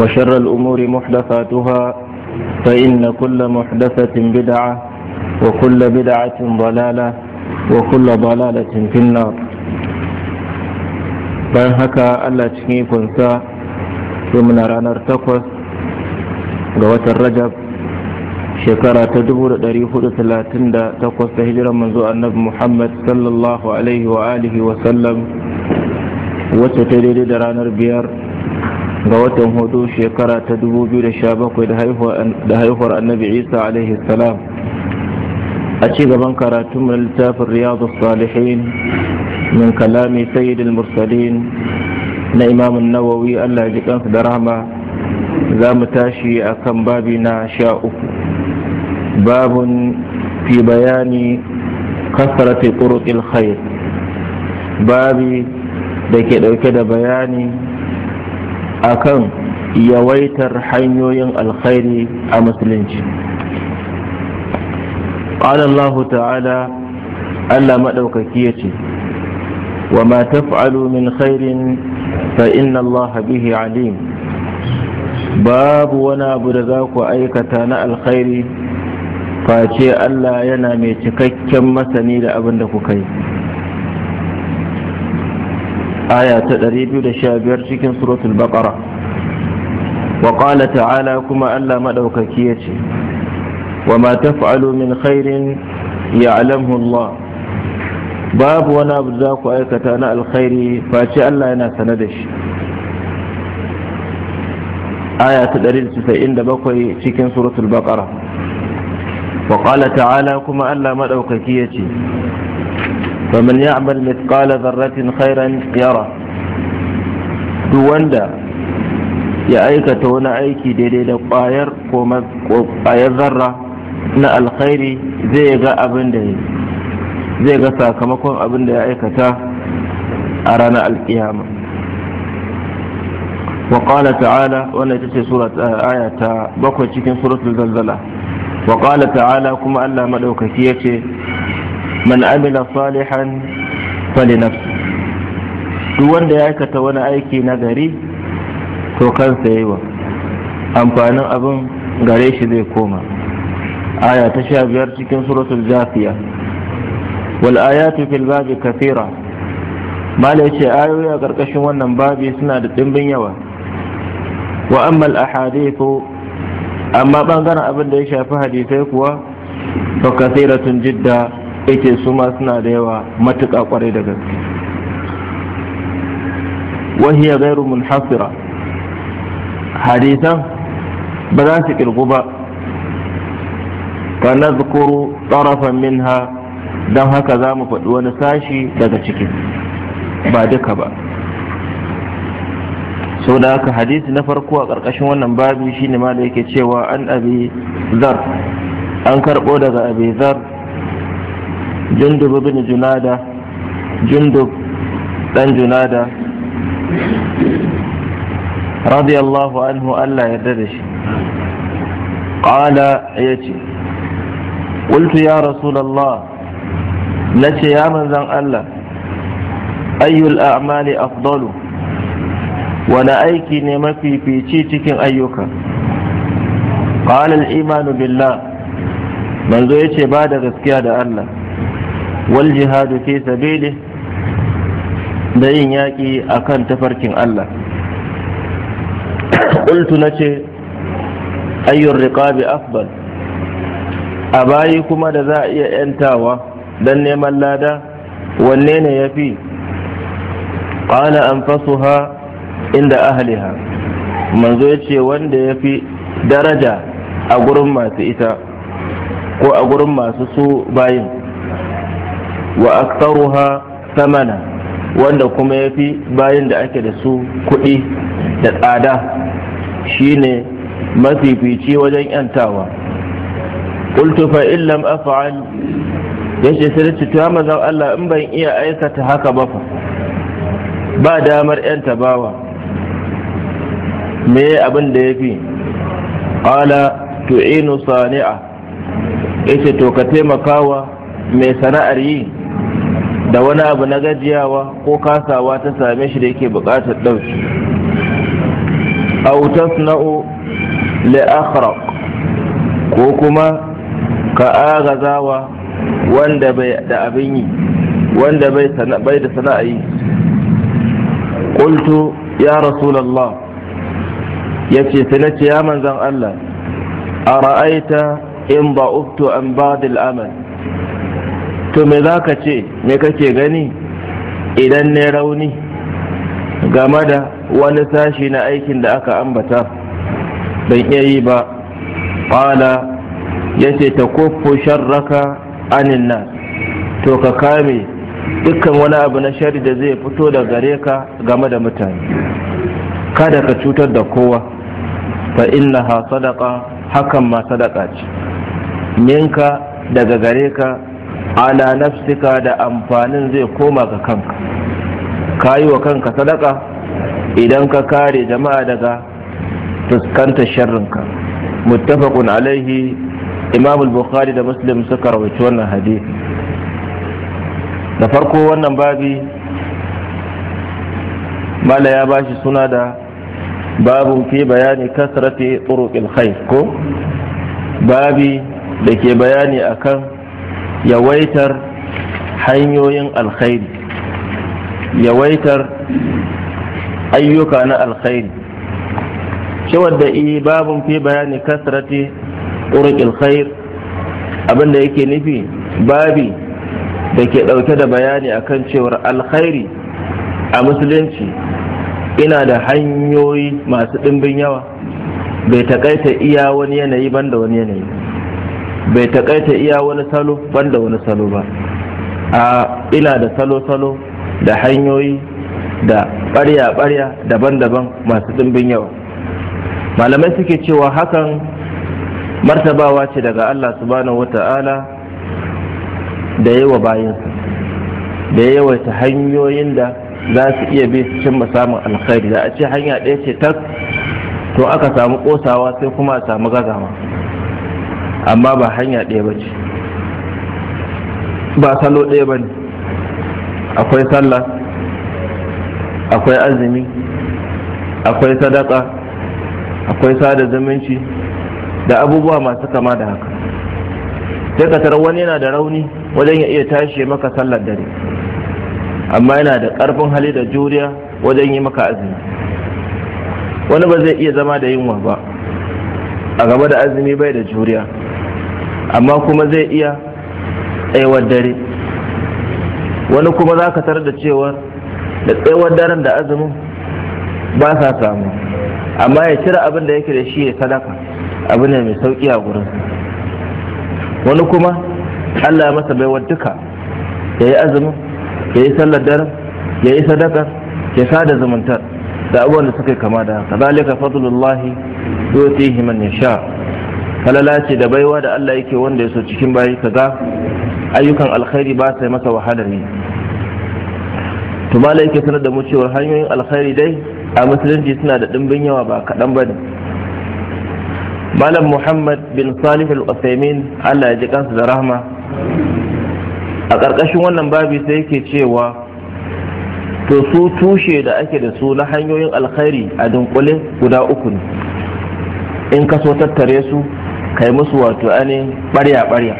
وشر الأمور محدثاتها فإن كل محدثة بدعة وكل بدعة ضلالة وكل ضلالة في النار bayan haka Allah cikin ikonsa sai ranar takwas ga watan Rajab shekara ta 438 ta hijiran manzo annabi Muhammad sallallahu alaihi wa alihi wa wacce ta daidai da ranar biyar ga watan hudu shekara ta 2017 da haihuwar annabi isa alaihi salam a ci gaban karatun mai littafin riyadu salihin min kalami sayyidul mursalin na imamun nawawi allah ji kansu da rahama za mu tashi a kan babi na sha uku babun fi bayani kasarati turuqil khair babi da ke ɗauke da bayani akan yawaitar hanyoyin alkhairi a musulunci قال الله تعالى ألا مدوككيتي وما تفعلوا من خير فإن الله به عليم باب ku aikata na الخير face Allah yana mai cikakken masani da abin da kuka yi aya ta 215 cikin suratul baqara wa qala ta'ala kuma Allah madaukaki yace wa ma taf'alu min khairin ya'lamuhu Allah babu wani abu za ku aikata na alkhairi face Allah yana sane da shi aya ta 197 cikin suratul baqara wa qala ta'ala kuma Allah madaukaki yace فمن يعمل مثقال ذرة خيرا يرى duk wanda ya aikata wani aiki daidai da ƙwayar ko zarra na alkhairi zai ga sakamakon abin da ya aikata a ranar alkiyama wa ƙala ta'ala wannan ita ce eh, aya ta bakwai cikin suratul zalzala waƙala ƙala ta'ala kuma allah maɗaukaki ya ce man amila salihan fali nafsi duk wanda ya aikata wani aiki na gari to kansa yi wa amfanin abin gare shi zai koma aya ta sha biyar cikin suratul jafiya wal ayatu fil babi kathira mala ayoyi a karkashin wannan babi suna da ɗimbin yawa wa amma al ahadithu amma bangaren abin da ya shafi hadisai kuwa fa kathiratun jidda yake su ma suna da yawa matuƙa kwarai da gaske wahiya gairu munhasira hadisan ba za su ƙirgu ba ka nazkuru tsarafan min ha, don haka za mu faɗi wani sashi daga ciki ba duka ba sau da haka hadisi na farko a ƙarƙashin wannan babi shine ma da yake cewa an abi zar an karɓo daga abi zar jundub bin junada jundub dan junada radiyallahu anhu Allah yarda da shi qala yace qultu ya rasulullah nace ya manzon Allah ayyul a'mali afdalu wani aiki ne mafifici cikin ayyuka qala imanu billah manzo yace ba da gaskiya da Allah wal jihadu fi sabili da yin yaƙi a kan tafarkin Allah qultu ce ayyur riƙabi afdal a bayi kuma da za a iya yantawa dan neman lada wanne ne yafi qala anfasuha inda ahliha manzo yace wanda yafi daraja a gurin masu ita ko a gurin masu su bayin wa aktharuha samana wanda kuma yafi bayan da ake da su kuɗi da tsada shine mafifici wajen yantawa qultu fa in lam af'al yace sai da ta mazan Allah in ban iya aikata haka ba fa ba damar yanta bawa me abin da yafi qala tu'inu sani'a yace to ka taimakawa mai sana'ar yi da wani abu na gajiyawa ko kasawa ta same shi da yake buƙatar ɗauki autas na'u li ko kuma ka agazawa wanda bai da abin yi wanda bai da sana'a yi ya rasulullah yace sai nace ya manzon Allah ara'aita in ba'uftu an ba'd al-amal to me za ka ce me kake gani idan ne rauni game da wani sashi na aikin da aka ambata ban iya yi ba ƙwala ya ce ta kofo sharraka anin nan to ka kame dukkan wani abu na shari da zai fito da gare ka game da mutane kada ka cutar da kowa fa inna ha sadaka hakan ma sadaka ce minka daga gare ka ala nafsika da amfanin zai koma ga kanka ka yi wa kanka sadaka idan ka kare jama'a daga fuskantar sharrinka muttafaqun alaihi imam bukhari da muslim suka rawaci wannan hadisi da farko wannan babi mala ya bashi suna da babu fi bayani kasrati turuqil khair ko babi da ke bayani akan yawaitar hanyoyin alkhairi yawaitar ayyuka na alkhairi shawar da i babun fi bayani kasrati urin khair abinda yake nufi babi da ke dauke da bayani akan cewar alkhairi a musulunci ina da hanyoyi masu ɗimbin yawa bai takaita iya wani yanayi banda wani yanayi bai takaita iya wani salo banda wani salo ba a ina da salo-salo da hanyoyi da ɓarya-ɓarya daban-daban masu ɗimbin yawa malamai suke cewa hakan martabawa ce daga allah subhanahu wata'ala da yawa bayansa da yawaita hanyoyin da za su iya bi su cimma samun alkhairi da a ce hanya ɗaya ce tak to aka samu ƙosawa sai kuma a samu gazawa amma ba hanya ɗaya ba ce ba salo ɗaya ba ne akwai sallah akwai azumi akwai sadaka akwai sada zumunci da abubuwa masu kama da haka sai ka wani yana da rauni wajen ya iya tashi maka sallar dare amma yana da karfin hali da juriya wajen yi maka azumi wani ba zai iya zama da yunwa ba a gaba da azumi bai da juriya amma kuma zai iya tsayawar dare wani kuma za ka tarar da cewa da tsayawar daren da azumin ba sa samu amma ya cire abin da yake da shi ya sadaka abu ne mai sauki a gurin wani kuma allah ya masa baiwar duka ya yi azumin ya yi sallar daren ya yi sadakar ya sada zumuntar da abubuwan da suka kama da haka zalika fadlullahi yutihi ya sha. falala ce da baiwa da Allah yake wanda ya so cikin bayi kaga ayyukan alkhairi ba sai masa wahala ne to malai yake sanar da mu cewa hanyoyin alkhairi dai a musulunci suna da dimbin yawa ba kaɗan ba ne malam muhammad bin salih al uthaymin Allah ya ji kansa da rahma a ƙarƙashin wannan babi sai yake cewa to su tushe da ake da su na hanyoyin alkhairi a dunkule guda uku ne in ka so tattare su kai musu wato ainihin barya barya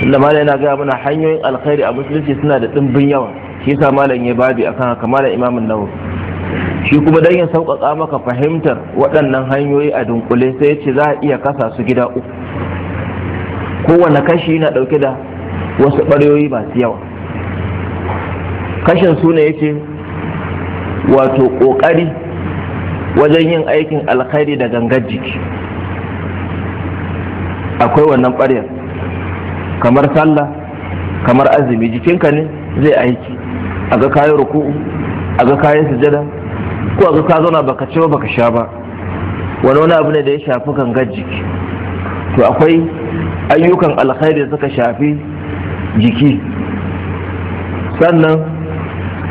tunda malam yana gaya mana hanyoyin alkhairi a musulunci suna da ɗimbin yawa shi yasa malam ya babi akan haka malam Imam nawawi shi kuma dan ya sauƙaƙa maka fahimtar waɗannan hanyoyi a dunkule sai ya ce za a iya kasa su gida uku kowane kashi na ɗauke da wasu ɓaryoyi masu yawa kashin su ne ya ce wato ƙoƙari wajen yin aikin alkhairi da gangar jiki akwai wannan ɓaryar kamar sallah kamar azumi jikinka ne zai aiki a ga kayan ruku'u a ga kayan sujada ko a ga ka zauna baka ci ba baka sha ba wani wani abu ne da ya shafi gangar jiki to akwai ayyukan alkhairi da suka shafi jiki sannan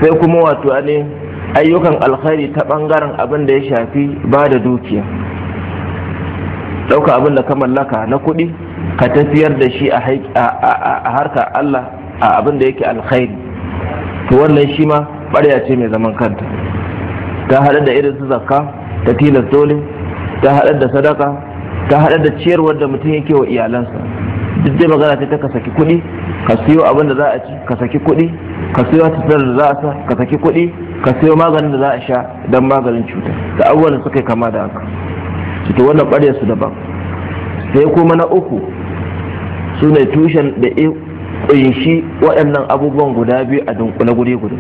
sai kuma wato ne ayyukan alkhairi ta ɓangaren abin da ya shafi ba da dukiya ɗauka abin da ka mallaka na kuɗi ka tafiyar da shi a harka Allah a abin da yake alkhairi to wannan shi ma ɓarya ce mai zaman kanta ta haɗa da irin su zakka ta tilas dole ta haɗa da sadaka ta haɗa da ciyarwar da mutum yake wa iyalansa duk dai magana ta ka saki kuɗi ka siyo abin da za a ci ka saki kuɗi ka siyo tatar da za a sa ka saki kuɗi ka siyo maganin da za a sha don maganin cuta da abubuwan da suka kama da haka su wannan ɓaryar su daban sai kuma na uku su ne tushen da ya ƙunshi waɗannan abubuwan guda biyu a dunkule guri guda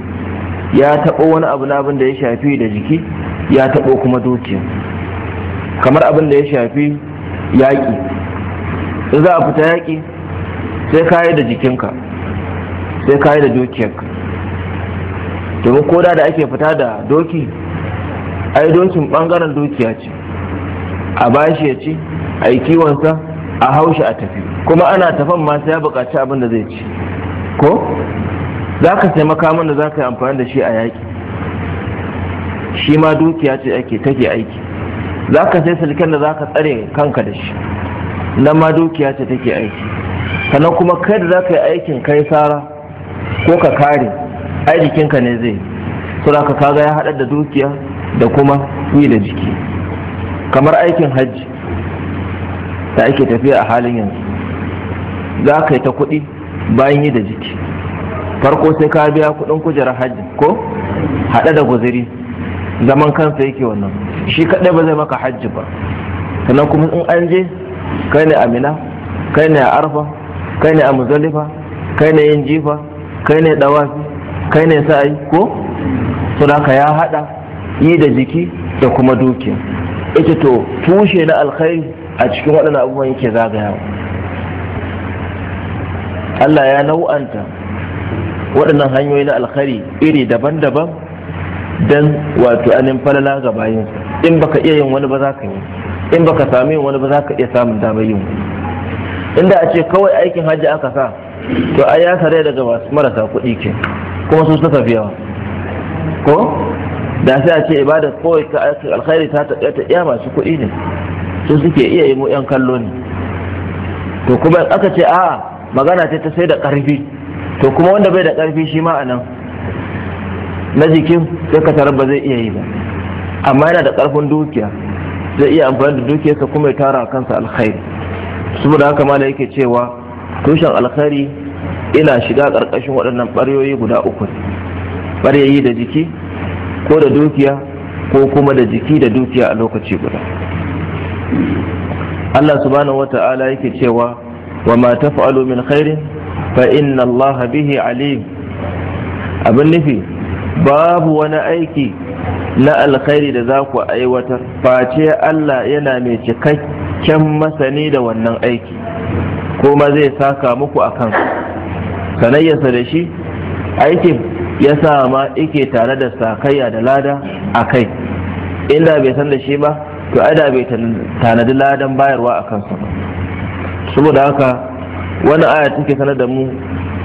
ya taɓo wani abu na abin da ya shafi da jiki ya taɓo kuma dukiya kamar abin da ya shafi yaƙi in za a fita yaƙi sai kayi da jikinka sai kayi da dukiyarka domin koda da ake fita da doki ai dokin ɓangaren dukiya ce a bashi ya ci a yi kiwonsa a haushi a tafi kuma ana tafan ma sai ya buƙaci abin da zai ci ko za ka sai makaman da za ka yi amfani da shi a yaƙi shi ma dukiya ce ake take aiki za ka sai silken da za ka tsare kanka da shi nan ma dukiya ce take aiki sannan kuma kai da za ka yi aikin kai sara ko ka kare ai jikinka ne zai saboda ka kaga ya haɗa da dukiya da kuma yi da jiki kamar aikin hajji da ake tafiya a halin yanzu za ka yi ta kuɗi bayan yi da jiki farko sai ka biya kuɗin kujerar hajji ko haɗe da guziri zaman kansa yake wannan shi kaɗai ba zai maka hajji ba sannan kuma in an je kai ne amina kai ne a arfa kai ne a muzalifa kai ne yin jifa kai ne dawafi kai ne sa'ai ko suna ka ya haɗa yi da jiki da kuma dukiya ita to tushe na alkhairi a cikin waɗannan abubuwan yake zagaya. Allah ya nau'anta waɗannan hanyoyi na alkhairi iri daban-daban don wato anin falala ga bayin in baka iya yin wani ba za ka yi in baka sami yin wani ba za ka iya samun damar yin inda a ce kawai aikin hajji aka sa to ai ya sare daga masu marasa kuɗi ke kuma su suka yawa ko da sai a ce ibada kawai ta alkhairi ta ta iya masu kuɗi ne su suke iya yi mu 'yan kallo ne to kuma aka ce a magana ce ta sai da ƙarfi to kuma wanda bai da ƙarfi shi ma a nan na jikin sai ka tarar ba zai iya yi ba amma yana da ƙarfin dukiya zai iya amfani da dukiyarsa kuma ya tara kansa alkhairi saboda haka mala yake cewa tushen alkhairi ina shiga karkashin waɗannan ɓaryoyi guda uku ɓaryayi da jiki ko da dukiya ko kuma da jiki da dukiya a lokaci guda Allah subhanahu wa ta'ala yake cewa wa ma taf'alu min khairin fa inna Allah bihi alim abin nufi babu wani aiki na alkhairi da za ku aiwatar face Allah yana mai cikakken masani da wannan aiki kuma zai saka muku akan kan sanayyarsa da shi aikin ya sa ma ike tare da sakayya da lada a kai inda bai san da shi ba to ai da bai tanadi ladan bayarwa a kansa ba saboda haka wani aya take sanar da mu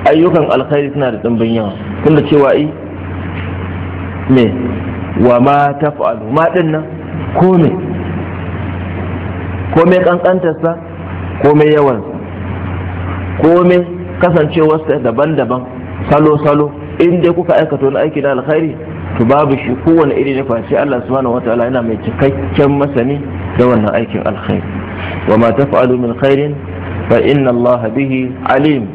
ayyukan alkhairi suna da ɗimbin yawa tunda cewa i me wa ma taf'alu ma din nan ko me ko me ko me yawansa ko me kasancewarsa daban-daban salo-salo in dai kuka aikata wani aiki na alkhairi to babu shi kowane iri na face Allah subhanahu wataala yana mai cikakken masani da wannan aikin alkhairi wa ma taf'alu min khairin fa inna Allah bihi alim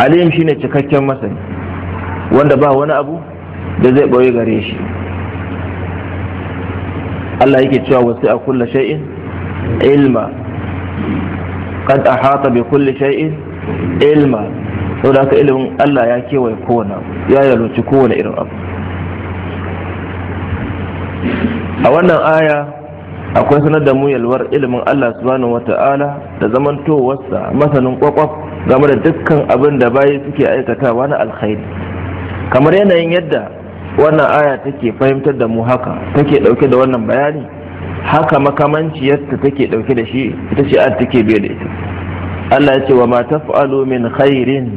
alim shine cikakken masani wanda ba wani abu da zai boye gare shi Allah yake cewa wasu a kulla shay'in ilma qad ahata bi kulli shay'in ilma saboda haka ilimin Allah ya kewaye kowane ya yalwaci kowane irin abu a wannan aya akwai sanar da muyalwar ilimin Allah subhanahu wata'ala da zamantowarsa masanin kwakwaf game da dukkan abin da bayi suke aikatawa na alkhairi kamar yanayin yadda wannan aya take fahimtar da mu haka take dauke da wannan bayani haka yadda take dauke da shi ita ce a take da ita Allah ya ce wa ma taf'alu min khairin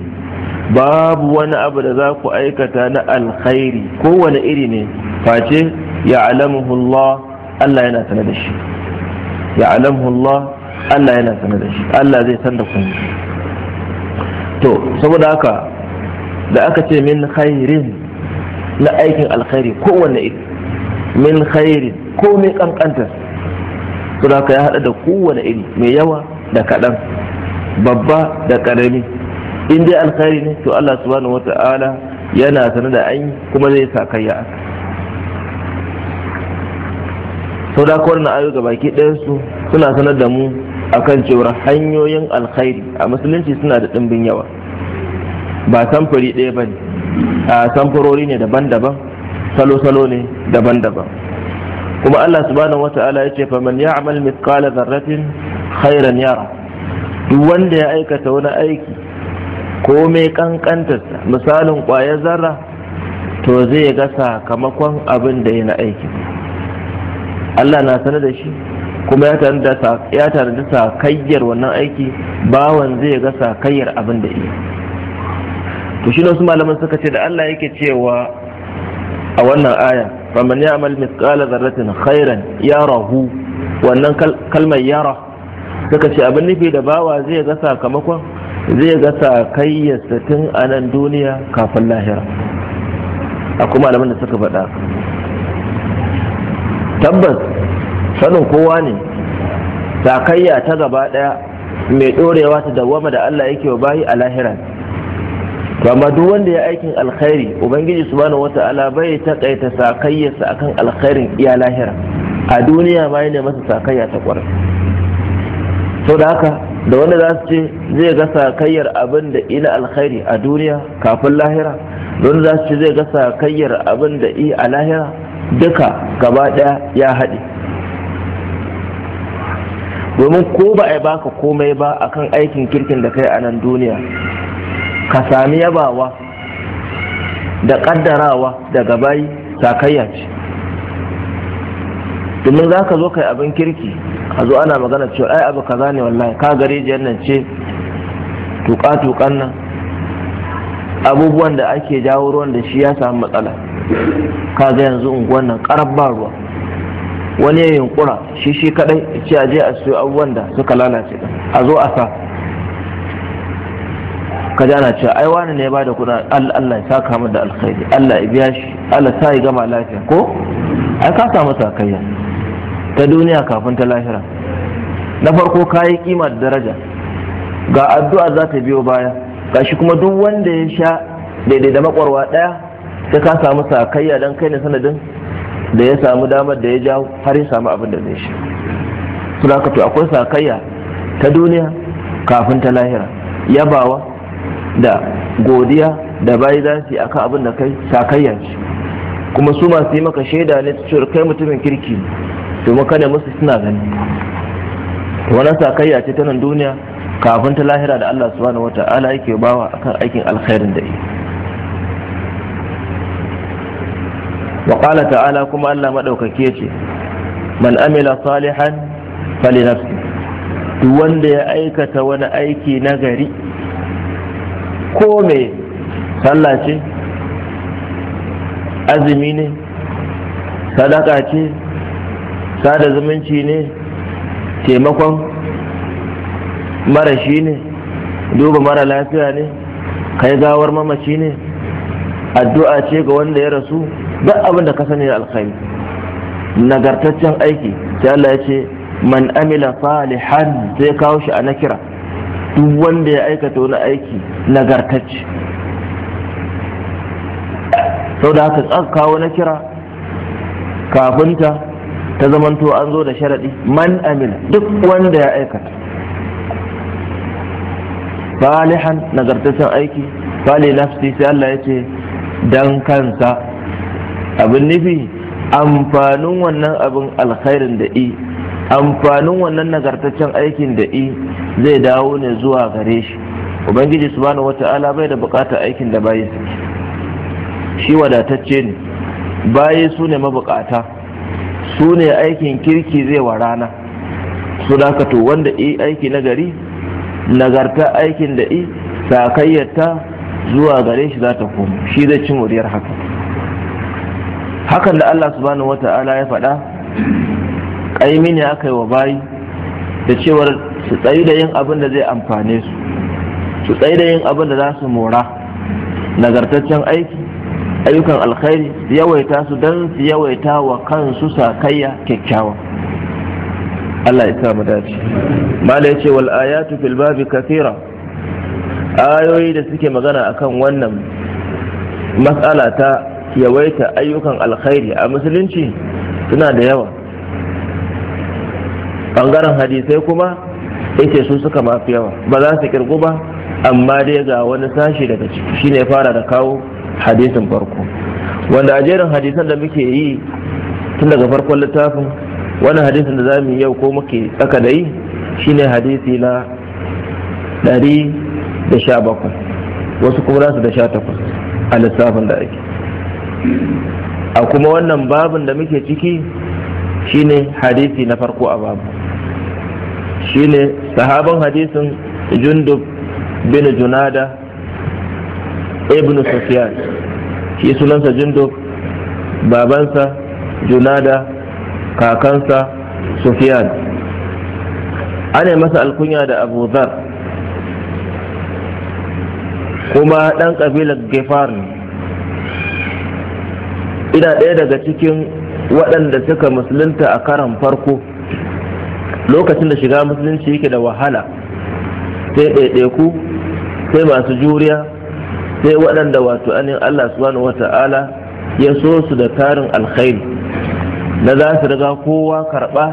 babu wani abu da za ku aikata na alkhairi kowane iri ne face ya alamuhu Allah Allah yana sanar da shi ya alamuhu Allah Allah yana sanar da shi Allah zai san da kun to saboda haka da aka ce min khairin na aikin alkhairi kowane iri min khairin ko mai kankanta saboda haka ya hada da kowane iri mai yawa da kaɗan babba da karami in dai alkhairi ne to Allah subhanahu wata'ala yana sanar da an kuma zai sa kai ya aka sau da kowane ayo ga baki ɗayansu suna sanar da mu akan cewar hanyoyin alkhairi a musulunci suna da ɗimbin yawa ba samfuri ɗaya ba ne a samfurori ne daban-daban salo-salo ne daban-daban kuma Allah subhanahu wata'ala ya ce faman ya'mal mithqala dharratin khairan yara duk wanda ya aikata wani aiki ko mai kankantarsa misalin kwaya zarra to zai ga sakamakon abin da ya aiki Allah na sanar da shi kuma ya da sakayyar wannan aiki bawan zai ga sakayyar abin da iya to shi wasu malaman suka ce da Allah yake cewa a wannan aya faman ya'mal mithqala dharratin khairan yarahu wannan kalmar yarahu suka ce abin nufi da bawa zai ga sakamakon zai ga sakayyarsa tun a nan duniya kafin lahira a kuma alamun da suka faɗa tabbas sanin kowa ne sakayya ta gaba ɗaya mai ɗorewa ta dawama da Allah yake wa bayi a lahira amma duk wanda ya aikin alkhairi ubangiji subhanahu wata'ala bai taƙaita sakayyarsa akan alkhairin iya lahira a duniya ma ne masa sakayya ta ƙwarai sau da haka da wanda za su ce zai ga sakayyar abin da ila alkhairi a duniya kafin lahira da wanda za su ce zai ga sakayyar abin da i a lahira duka gaba ɗaya ya haɗe domin ko ba a baka komai ba akan aikin kirkin da kai a nan duniya ka sami yabawa da ƙaddarawa daga bayi sakayya ce domin za ka zo kai abin kirki a zo ana magana cewa ai abu kaza ne wallahi ka gare jiyar nan ce tuka-tukan nan abubuwan da ake jawo ruwan da shi ya samu matsala ka ga yanzu unguwan nan karar ba ruwa wani ya kura shi shi kadai ce a je a siyo abubuwan da suka lalace a zo a sa ka ji ana cewa ai wani ne ya da kuɗa Allah ya saka mu da alkhairi Allah ya biya shi Allah sa ya gama lafiya ko ai ka samu sakayya ta duniya kafin ta lahira na farko kayi kima da daraja ga addu'a za ta biyo baya ga shi kuma duk wanda ya sha daidai da makwarwa daya sai ka samu sakayya don kai ne sanadin da ya samu damar da ya jawo har ya samu abin da zai shi suna ka to akwai sakayya ta duniya kafin ta lahira yabawa da godiya da bayi za su yi akan abin da kai sakayya kuma su masu yi maka shaida ne su kai mutumin kirki domin kada musu suna gani wani sakayya ce ta nan duniya kafin ta lahira da Allah subhanahu ta'ala yake bawa akan aikin alkhairin da yi wa ta'ala kuma Allah madaukake ce man amila salihan fali nafsi duk wanda ya aikata wani aiki na gari ko me sallah ce azumi ne sadaka ce sada zumunci ne taimakon marashi ne duba mara lafiya ne kai gawar mamaci ne addu'a ce ga wanda ya rasu duk abin da ka sani da alkhairi nagartaccen aiki sai Allah ya ce man amila salihan sai kawo shi a nakira duk wanda ya aikata wani aiki nagartacce sau da haka kawo nakira kafinta ta zamanto an zo da sharaɗi man amil duk wanda ya aikata Falihan nagartaccen aiki fali nafsi sai Allah ya ce dan kansa abin nufi amfanin wannan abin alkhairin da i amfanin wannan nagartaccen aikin da i zai dawo ne zuwa gare shi ubangiji subhanahu wata'ala bai da bukatar aikin da bayi suke shi wadatacce ne bayi su ne mabukata su ne aikin kirki zai wa rana su da wanda i aiki na gari nagarta aikin da i sakayyarta zuwa gare shi za ta komo shi zai cin wuriyar haka hakan da allah subhanahu ta'ala ya faɗa ƙaimi ne aka yi wa bayi da cewar su tsayi da yin abin da zai amfane su su tsayi da yin abin da za su mora nagartaccen aiki ayyukan alkhairi su yawaita su don su yawaita wa kansu sakayya kyakkyawa Allah ya samu dace mala ya ce wal ayatu fil babi kathira ayoyi da suke magana akan wannan matsala ta yawaita ayyukan alkhairi a musulunci suna da yawa bangaren hadisai kuma yake su suka mafi yawa ba za su kirgu ba amma dai ga wani sashi daga ciki shine ya fara da kawo hadisin farko wanda a jerin hadisan da muke yi tun daga farkon littafin wannan hadisin da za mu yau ko muke tsaka da yi shine hadisi na 117 wasu kuma su da 18 a lissafin da ake a kuma wannan babin da muke ciki shine hadisi na farko a babu shine sahaban hadisin jundub bin junada ibn sufyan shi sunansa jundub babansa junada kakansa sufyan ana masa alkunya da abu zar kuma dan kabilar gefar ina ɗaya daga cikin waɗanda suka musulunta a karan farko lokacin da shiga musulunci yake da wahala sai ɗaiɗaiku sai masu juriya sai waɗanda wato anin Allah subhanahu ta'ala ya so su da tarin alkhairi na za su riga kowa karɓa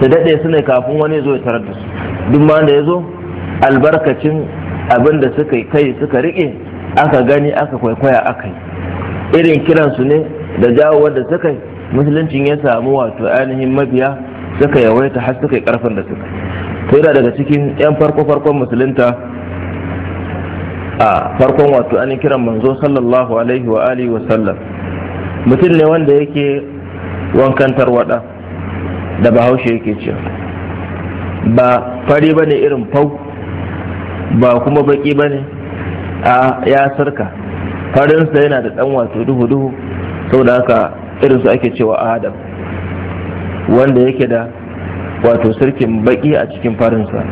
su daɗe su ne kafin wani zo ya tarar da su duk ma da ya zo albarkacin abin da suka kai suka riƙe aka gani aka kwaikwaya aka yi irin kiransu ne da jawo wanda suka yi musuluncin ya samu wato ainihin mabiya suka yawaita har suka yi ƙarfin da suka to daga cikin 'yan farko-farkon musulunta a farkon wato an kiran manzo sallallahu alaihi wa alihi wa sallam mutum ne wanda yake wankan tarwada da bahaushe yake ce ba fari ba ne irin fau ba kuma baki ba ne a ya sarka farinsa yana da dan wato duhu-duhu saboda haka irinsu ake cewa adam wanda yake da wato sarkin baki a cikin farinsa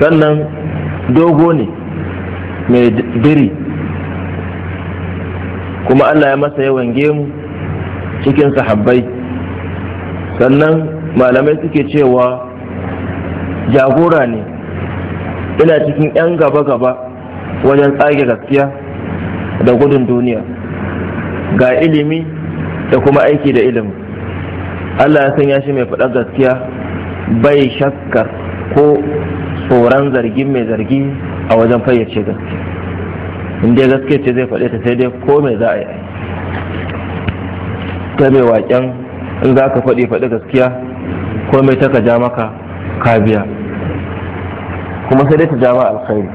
sannan dogo ne mai biri kuma allah ya masa yawan gemu cikin sahabbai sannan malamai suke cewa jagora ne ina cikin 'yan gaba-gaba wajen tsage gaskiya da gudun duniya ga ilimi da kuma aiki da ilimi allah ya sanya shi mai faɗar gaskiya bai shakkar ko tsoron zargin mai zargi a wajen fayyace gaskiya Inda dai gaske ce zai faɗe ta sai dai ko mai za a yi ta mai waƙen in za ka faɗi faɗi gaskiya ko mai ta ka ja maka ka biya kuma sai dai ta ja ma alkhairi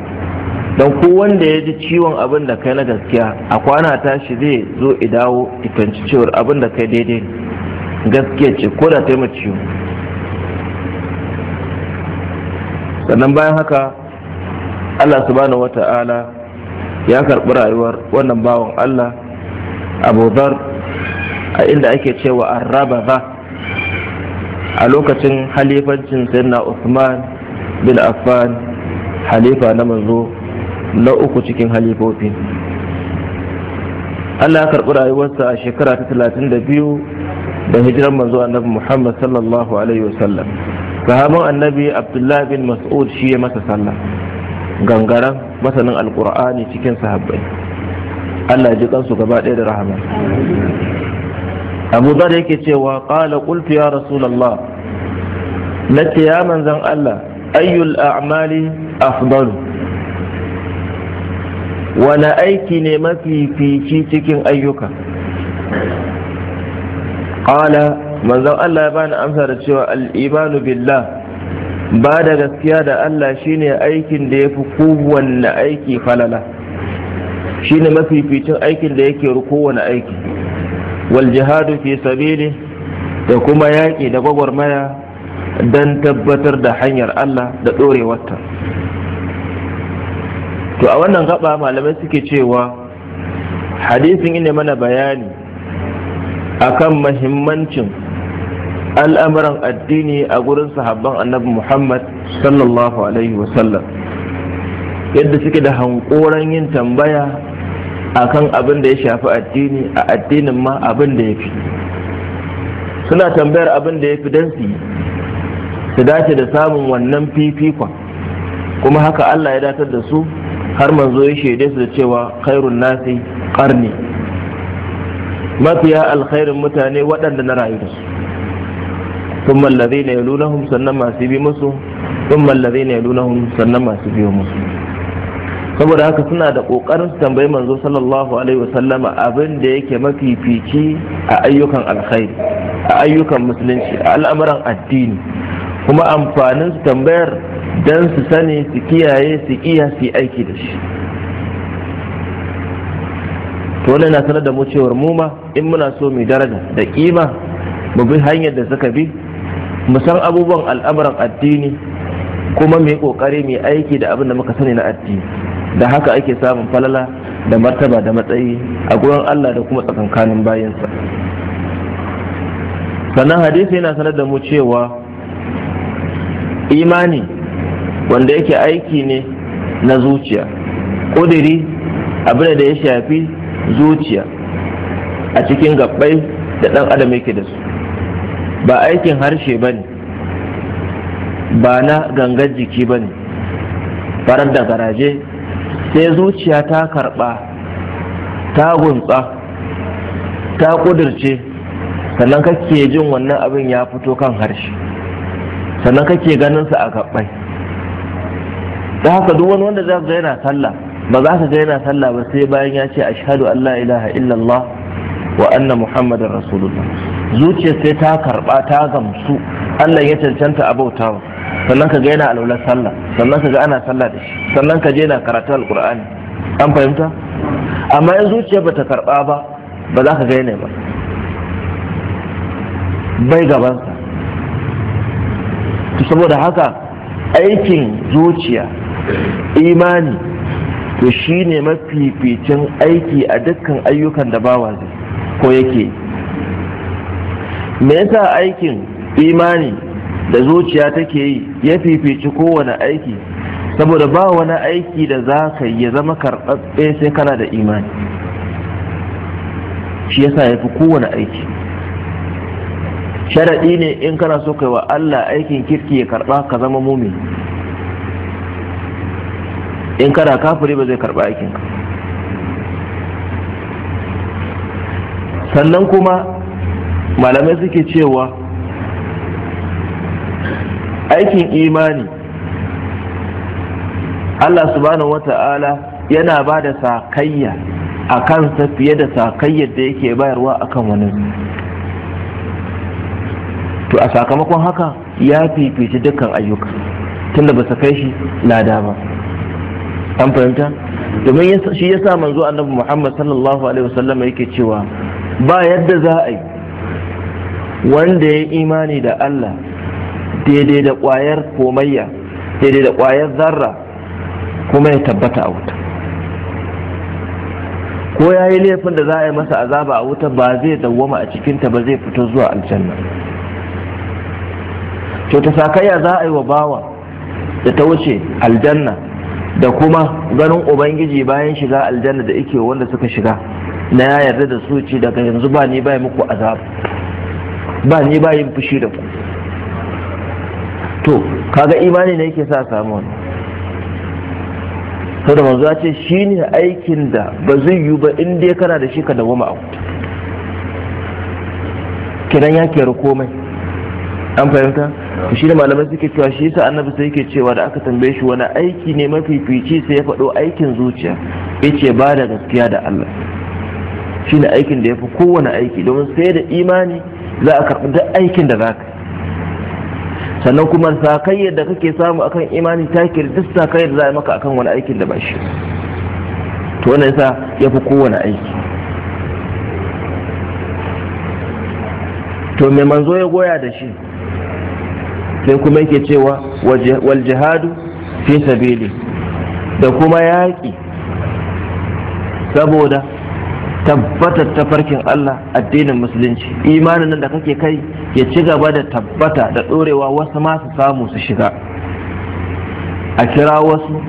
don ko wanda ya ji ciwon abin da kai na gaskiya a kwana tashi zai zo idawo ikanci cewar abin da kai daidai gaskiya ce ko da ta yi ciwo sannan bayan haka allah subhanahu wata'ala ya karɓi rayuwar wannan bawan Allah Abu zar a inda ake cewa Raba za a lokacin halifancin sayyidina Usman bin Affan halifa na manzo na uku cikin halifofi Allah ya karɓi rayuwarsa a shekara ta talatin da biyu da hijirar manzo annabi Muhammad sallallahu alaihi wasallam annabi Abdullahi bin Mas'ud shi ya masa sallah gangaren masanin alkur'ani cikin sahabbai Allah ji kansu gaba ɗaya da rahama Abu Dhar yake cewa qala qultu ya rasulullah nace ya manzan Allah ayyul a'mali afdal wani aiki ne mafifici cikin ayyuka qala Manzan Allah ya bani amsa da cewa al-imanu billah ba da gaskiya da Allah shine aikin da ya fi kowanne aiki falala shine mafificin aikin da yake kowanne aiki wal jihadu fi sabili da kuma yaƙi da gwagwarmaya don tabbatar da hanyar Allah da ɗorewarta to a wannan gaba malamai suke cewa hadisin ina mana bayani akan mahimmancin al'amuran addini a gurin sahabban annabi muhammad sallallahu alaihi wasallam yadda suke da hankoran yin tambaya akan abin da ya shafi addini a addinin ma abin da ya fi suna tambayar abin da ya fi don su su dace da samun wannan fifikon kuma haka allah ya datar da su har manzo ya shaide su da cewa khairun nasi karni mafiya alkhairin mutane waɗanda na rayu da su ثم الذين يلونهم سنما سيبي مسو ثم الذين يلونهم سنما سيبي مسو saboda haka suna da ƙoƙarin su tambayi manzo sallallahu alaihi wasallama abin da yake mafifici a ayyukan alkhairi a ayyukan musulunci a al'amuran addini kuma amfanin su tambayar dan su sani su kiyaye su iya su aiki da shi to na sanar da mu cewar mu in muna so mu daraja da ƙima mu bi hanyar da suka bi mu san abubuwan al'amuran addini kuma mu yi kokari mu aiki da abin da muka sani na addini da haka ake samun falala da martaba da matsayi a gurin Allah da kuma tsakankanin bayansa sannan hadisi yana sanar da mu cewa imani wanda yake aiki ne na zuciya ƙudiri abin da ya shafi zuciya a cikin gabbai da ɗan adam yake da su ba aikin harshe ba ne ba na gangan jiki ba ne farar da garaje sai zuciya ta karɓa ta gunsa ta ƙudurce sannan kake jin wannan abin ya fito kan harshe sannan kake ganinsa a gabbai da haka duk wani wanda za ka yana sallah ba za ka ga yana sallah ba sai bayan ya ce ashhadu an la ilaha illallah wa anna muhammadin rasulullah zuciyar sai ta karba ta gamsu Allah ya cancanta abauta sannan ka ga yana alwalar sallah sannan ka ga ana sallah da shi sannan ka je na karatu alkur'ani an fahimta amma in zuciya bata karba ba ba za ka ga yana ba bai gabansa. to saboda haka aikin zuciya imani to shine mafificin aiki a dukkan ayyukan da bawa ko yake me yasa aikin imani da zuciya take yi ya fifici kowane aiki saboda ba wani aiki da za ka yi ya zama karɓaɓɓe sai kana da imani shi yasa ya fi kowane aiki sharaɗi ne in kana so kai wa Allah aikin kirki ya karɓa ka zama mumi in kana kafiri ba zai karɓa aikinka sannan kuma malamai suke cewa aikin imani Allah subhanahu wata'ala yana ba da sakayya a kansa fiye da sakayyar da yake bayarwa akan wani to a sakamakon haka ya fifici dukkan ayyuka tunda ba su kai shi lada ba an fahimta domin shi ya sa manzo annabi muhammad sallallahu alaihi wasallam yake cewa ba yadda za a yi wanda ya yi imani da Allah daidai da ƙwayar komayya daidai da ƙwayar zarra kuma ya tabbata a wuta ko ya yi laifin da za a yi masa azaba a wuta ba zai dawwama a cikinta ba zai fito zuwa aljanna to ta sakayya za a yi wa bawa da ta wuce aljanna da kuma ganin ubangiji bayan shiga aljanna da ike wanda suka shiga na ya yarda da suci daga yanzu ba ni bai muku azaba. ba ni ba fushi da ku to kaga imani ne yake sa samu wani sau da manzo ce shi ne aikin da ba zai yiwu ba in dai kana da shi ka dawo ma kiran ya kera komai an fahimta shi da malamai suke cewa shi yasa annabi sai yake cewa da aka tambaye shi wani aiki ne mafifici sai ya faɗo aikin zuciya yace ba da gaskiya da Allah Shi ne aikin da ya fi kowane aiki domin sai da imani za a karɓi duk aikin da za ka sannan kuma sakayyar da kake samu akan imani ta kiri duk sakayyar da za a maka akan wani aikin da ba shi to wannan yasa ya fi kowane aiki to mai manzo ya goya da shi sai kuma yake cewa wal jihadu fi sabili da kuma yaƙi saboda tabbatar ta farkin Allah addinin musulunci imanin nan da kake kai ya ci gaba da tabbata da ɗorewa wasu masu samu su shiga a kira wasu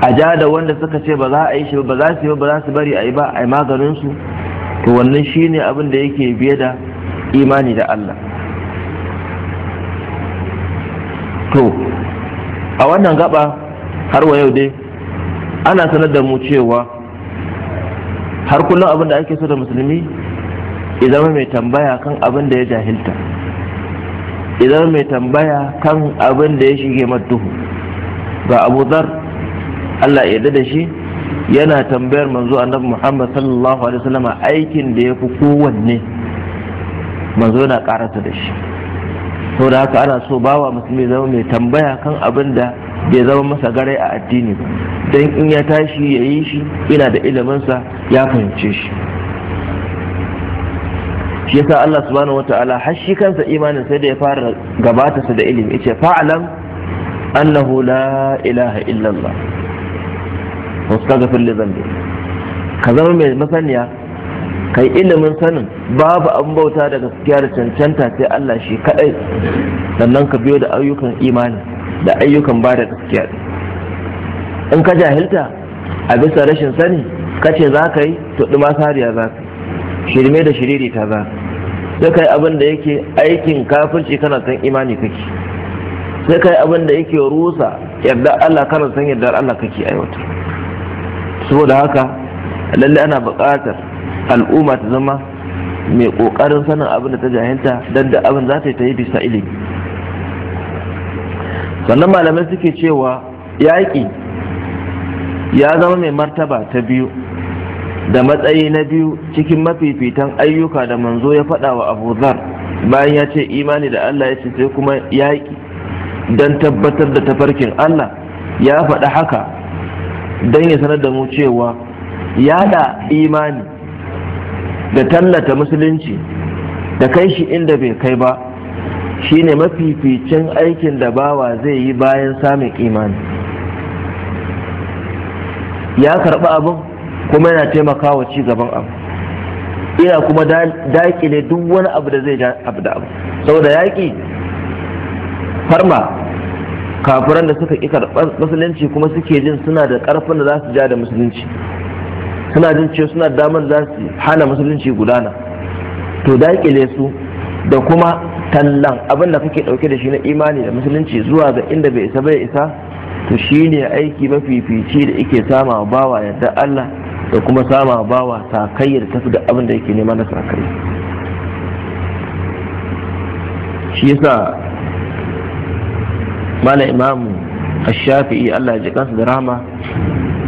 a ja da wanda suka ce ba za a yi shi ba za su yi ba za su bari a yi ba a yi maganin to wannan shine abin da yake biye da imani da Allah to a wannan gaba har wa yau dai ana sanar da mu cewa har kullum abin da ake so da musulmi ya zama mai tambaya kan abin da ya jahilta ya zama mai tambaya kan abin da ya shige duhu ba abu zar allah ya da shi yana tambayar manzo annabi muhammad sallallahu alaihi wasallama aikin da ya fi kowanne manzo yana karanta da shi saboda haka ana so bawa musulmi zama mai tambaya kan abin da bai zama masa garai a addini ba don in ya tashi ya yi shi ina da iliminsa ya fahimce shi shi yasa Allah subhanahu wata'ala har shi kansa imanin sai da ya fara gabata sa da ilimi yace fa'lam annahu la ilaha illa Allah li dhanbi ka zama mai masaniya kai ilimin sanin babu an bauta da gaskiya da cancanta sai Allah shi kadai sannan ka biyo da ayyukan imanin. da ayyukan ba da gaskiya in ka jahilta a bisa rashin sani ka ce za ka yi to ɗuma sariya za ka shirme da shiriri ta za sai kai abin da yake aikin kafirci kana san imani kake sai kai abin da yake rusa yarda Allah kana san yarda Allah kake aiwata saboda haka lalle ana buƙatar al'umma ta zama mai ƙoƙarin sanin abin da ta jahilta dan da abin za ta yi bisa ilimi sannan malamai suke cewa yaƙi ya zama mai martaba ta biyu da matsayi na biyu cikin mafifitan ayyuka da manzo ya faɗa wa abu zar bayan ya ce imani da allah ya ce sai kuma yaƙi don tabbatar da tafarkin allah ya faɗa haka don ya sanar da mu cewa yaɗa imani da tallata musulunci da kai shi inda bai kai ba Shi ne mafificin aikin da bawa zai yi bayan samun imani ya karɓi abin kuma yana taimakawa ci gaban abu ina kuma ne duk wani abu da zai ja abu da abu saboda yaƙi farma kafiran da suka ƙi karɓar musulunci kuma suke jin suna da ƙarfin da za su ja da musulunci suna jin cewa suna damar za su hana musulunci gudana to ne su da kuma tallan abin da kake dauke da shi na imani da musulunci zuwa ga inda bai isa bai isa to shine aiki mafifici da ike sama bawa yadda Allah da kuma sama bawa sakayyar tafi da abin da yake nema na sakayya shi yasa mala imamu ash-shafi'i Allah ji kansa da rama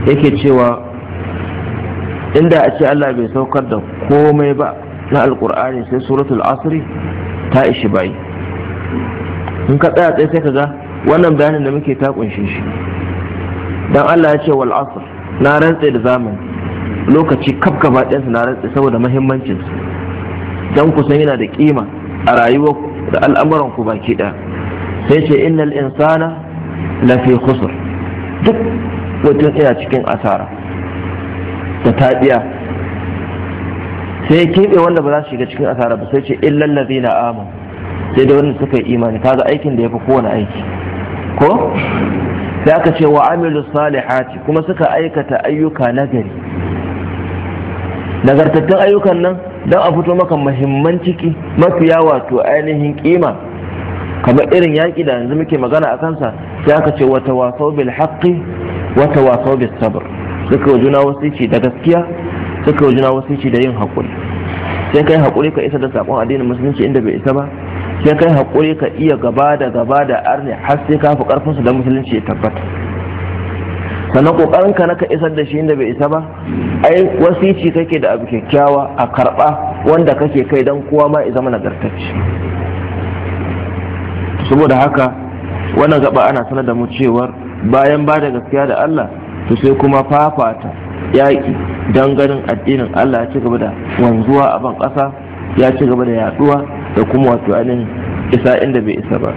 yake cewa inda a ce Allah bai saukar da komai ba na alkur'ani sai suratul asri ta ishi bayi in ka tsaya tsaye sai ka ga wannan bayanin da muke ta kunshi shi dan Allah ya ce wal asr na rantse da zamani lokaci kaf gaba ɗayansa na rantse saboda muhimmancin su dan ku san yana da kima a rayuwar da al'amuran ku baki ɗaya sai ce innal insana fi khusr duk mutum yana cikin asara da tabiya sai ya keɓe wanda ba za su shiga cikin asara ba sai ce illal na amanu sai da wanda suka yi imani kaga aikin da ya fi kowane aiki ko sai aka ce wa amilu salihati kuma suka aikata ayyuka nagari nagartattun ayyukan nan don a fito maka muhimman ciki mafiya wato ainihin kima kamar irin yaƙi da yanzu muke magana a kansa sai aka ce wata wasau bil haqqi wata wasau bil sabr suka wa juna ci da gaskiya suka wajina wasici da yin haƙuri sai kai haƙuri ka isa da saƙon addinin musulunci inda bai isa ba sai kai haƙuri ka iya gaba da gaba da arni har sai ka fi ƙarfinsu da musulunci ya tabbata sannan ƙoƙarin ka na ka isar da shi inda bai isa ba ai wasici kake da abu kyakkyawa a karɓa wanda kake kai don kowa ma ya zama nagartacce saboda haka wannan gaba ana sanar da mu cewar bayan ba da gaskiya da Allah to sai kuma fafata yaƙi don ganin addinin Allah ya ci gaba da wanzuwa a ban ƙasa ya ci gaba da yaduwa, da kuma wato anin isa inda bai isa ba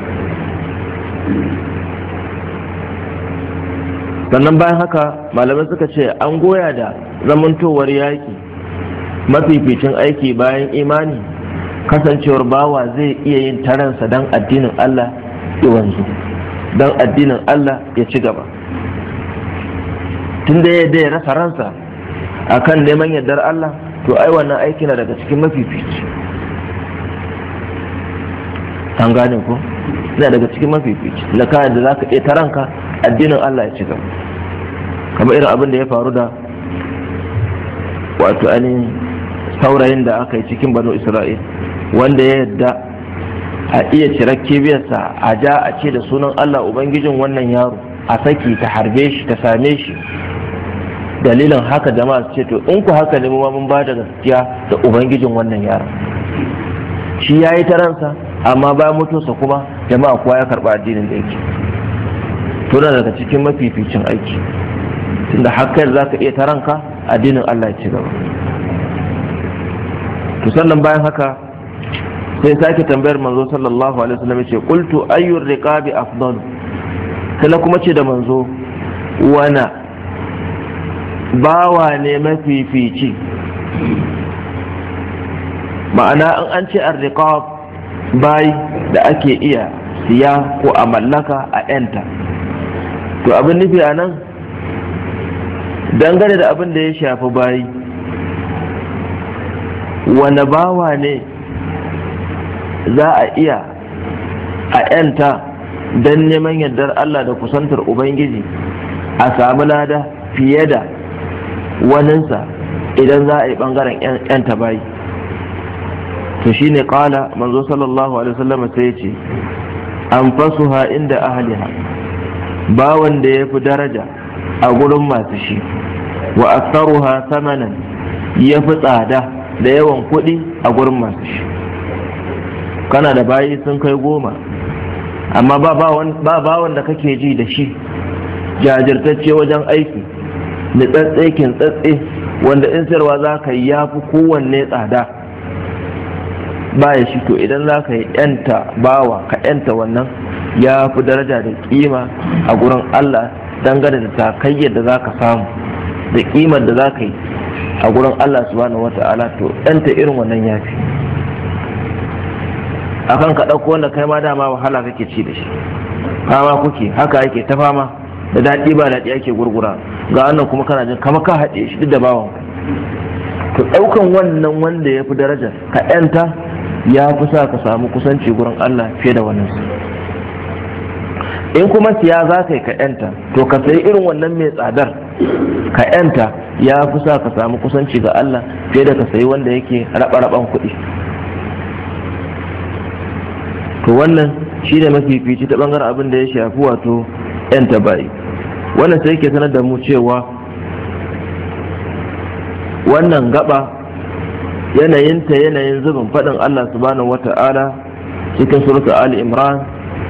sannan bayan haka malamai suka ce an goya da zamantowar yaƙi mafificin aiki bayan imani kasancewar bawa zai iya yin taransa don addinin Allah ya wanzu don addinin Allah ya ci gaba tun da yadda ya rasa ransa kan neman yardar Allah to ai wannan aiki na daga cikin mafifici an gane ko na daga cikin mafifici na kayan da za ka iya taranka addinin Allah ya ci gaba kamar irin abin da ya faru da wato ainihin saurayin da aka yi cikin banu isra'il wanda ya yadda a iya cire kibiyarsa a ja a ce da sunan Allah Ubangijin wannan yaro a saki ta harbe shi ta same shi dalilin haka jama'a su ce to in ku haka ne ma mun ba da gaskiya da ubangijin wannan yaron shi ya yi taransa amma bayan mutunsa kuma jama'a kowa ya karɓa addinin da yake Tuna daga cikin mafificin aiki tunda haka za ka iya taranka addinin Allah ya ci gaba to sannan bayan haka sai sake tambayar manzo sallallahu alaihi wasallam ce qultu ayyur riqabi afdal kala kuma ce da manzo wana bawa ne mafifici ma'ana in an ce arriqab bai da ake iya siya ko a mallaka a yanta to abin nufi a nan dangane da abin da ya shafi bayi wane bawa ne za a iya a yanta don neman yardar allah da kusantar ubangiji a samu lada fiye da waninsa idan za a yi bangaren 'yan tabayi to shi ne kala manzo sallallahu alaihi wasallam sai ya ce fasuha inda ahliha ba wanda ya fi daraja a gurin masu shi wa samanan ya fi tsada da yawan kuɗi a gurin masu shi kana da bayi sun kai goma amma ba ba wanda kake ji da shi jajirtacce wajen aiki kin kintsatse wanda in sayarwa za ka yi ya fi kowanne tsada ya shi to idan za ka yi yanta bawa ka yanta wannan ya fi daraja da kima a gurin allah dangane da takayyar da za ka samu da kimar da za ka yi a gurin allah subhanahu ala to yanta irin wannan ya fi akan ka ɗauko wanda kai ma dama wahala kake ci da shi kama kuke haka ake ta fama da daɗi ba daɗi ake gurgura ga wannan kuma kana jin kama ka haɗe shi duk da bawan to ɗaukan wannan wanda ya fi daraja ka ƴanta ya fi sa ka samu kusanci gurin Allah fiye da wannan in kuma siya za ka yi ka ƴanta to ka sayi irin wannan mai tsadar ka ƴanta ya fi sa ka samu kusanci ga Allah fiye da ka sayi wanda yake raɓa-raɓan kuɗi to wannan shi ne mafifici ta ɓangaren abin da ya shafi wato ‘yanta bayi wannan sai yake sanar da mu cewa wannan gaba yanayinta yanayin zubin faɗin Allah subhanahu wata'ala cikin surutu Ali Imran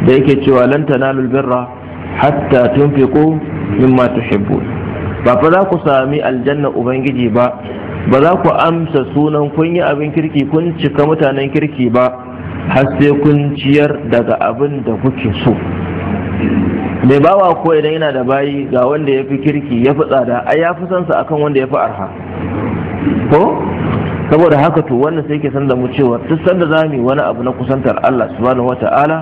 da yake cewa lan tanalu birra hatta tunfiqu mimma tuhibbun ba fa za ku sami aljanna ubangiji ba ba za ku amsa sunan kun yi abin kirki kun cika mutanen kirki ba har sai kun ciyar daga abin da kuke so mai bawa ko idan yana da bayi ga wanda ya fi kirki ya fi tsada ai ya fi sansa akan wanda ya fi arha ko saboda haka to wannan sai ke san mu cewa duk sanda za mu yi wani abu na kusantar Allah subhanahu wata'ala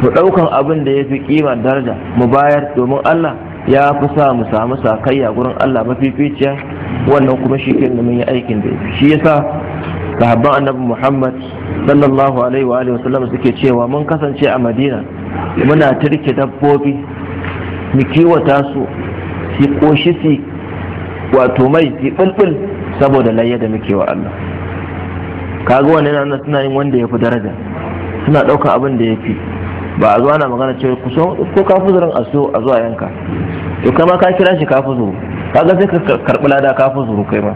to daukan abin da ya fi kima daraja mu bayar domin Allah ya fi sa mu samu sakayya gurin Allah mafificiya wannan kuma shi ke mun aikin da shi yasa sahabban annabi Muhammad sallallahu alaihi wa alihi wasallam suke cewa mun kasance a Madina muna turke dabbobi mu kiwata su su koshi su wato mai su bulbul saboda layya da muke wa Allah kaga wannan nan suna yin wanda ya fi daraja suna ɗauka abin da ya fi ba a zuwa na magana cewa ku so ko kafuzurin a so a zuwa yanka to kama ka kira shi kafuzuru kaga sai ka karɓi lada kafuzuru kai ma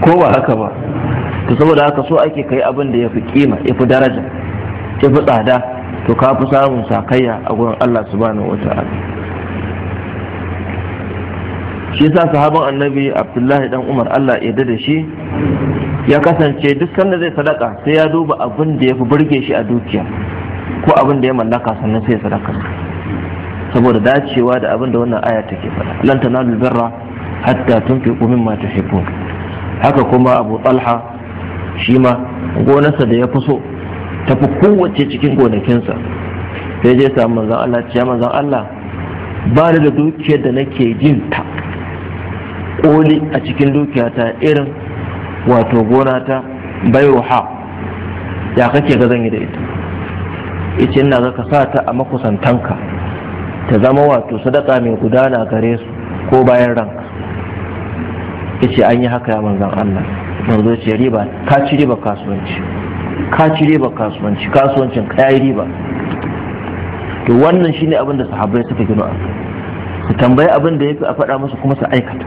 ko ba haka ba to saboda haka so ake kai abin da ya fi kima ya fi daraja ya fi tsada to ka fi samun sakayya a gurin Allah subhanahu wa ta'ala shi yasa sahaban annabi abdullahi dan umar Allah ya da shi ya kasance duk sanda zai sadaka sai ya duba abin da ya fi burge shi a dukiya ko abin da ya mallaka sannan sai sadaka saboda dacewa da abin da wannan aya take faɗa lan tanalu birra hatta tunfiqu mimma tuhibbun haka kuma abu talha shi ma gonarsa da ya fi so tafi kowace cikin gonakinsa sai je samu manzon Allah ciya manzon Allah ba da dukiyar da nake jin ta koli a cikin dukiyata irin wato gona ta baiwa bairuha ya kake ga zanyi da ita ita ina ga ka sa ta a makusantanka ta zama wato sadaka mai gudana gare su ko bayan ranka ce an yi haka ya manzan Allah manzo ce riba ka ci riba kasuwanci ka ci riba kasuwanci kasuwancin ka yi riba to wannan shine abin da sahabbai suka gino a su tambayi abin da yake a faɗa musu kuma su aikata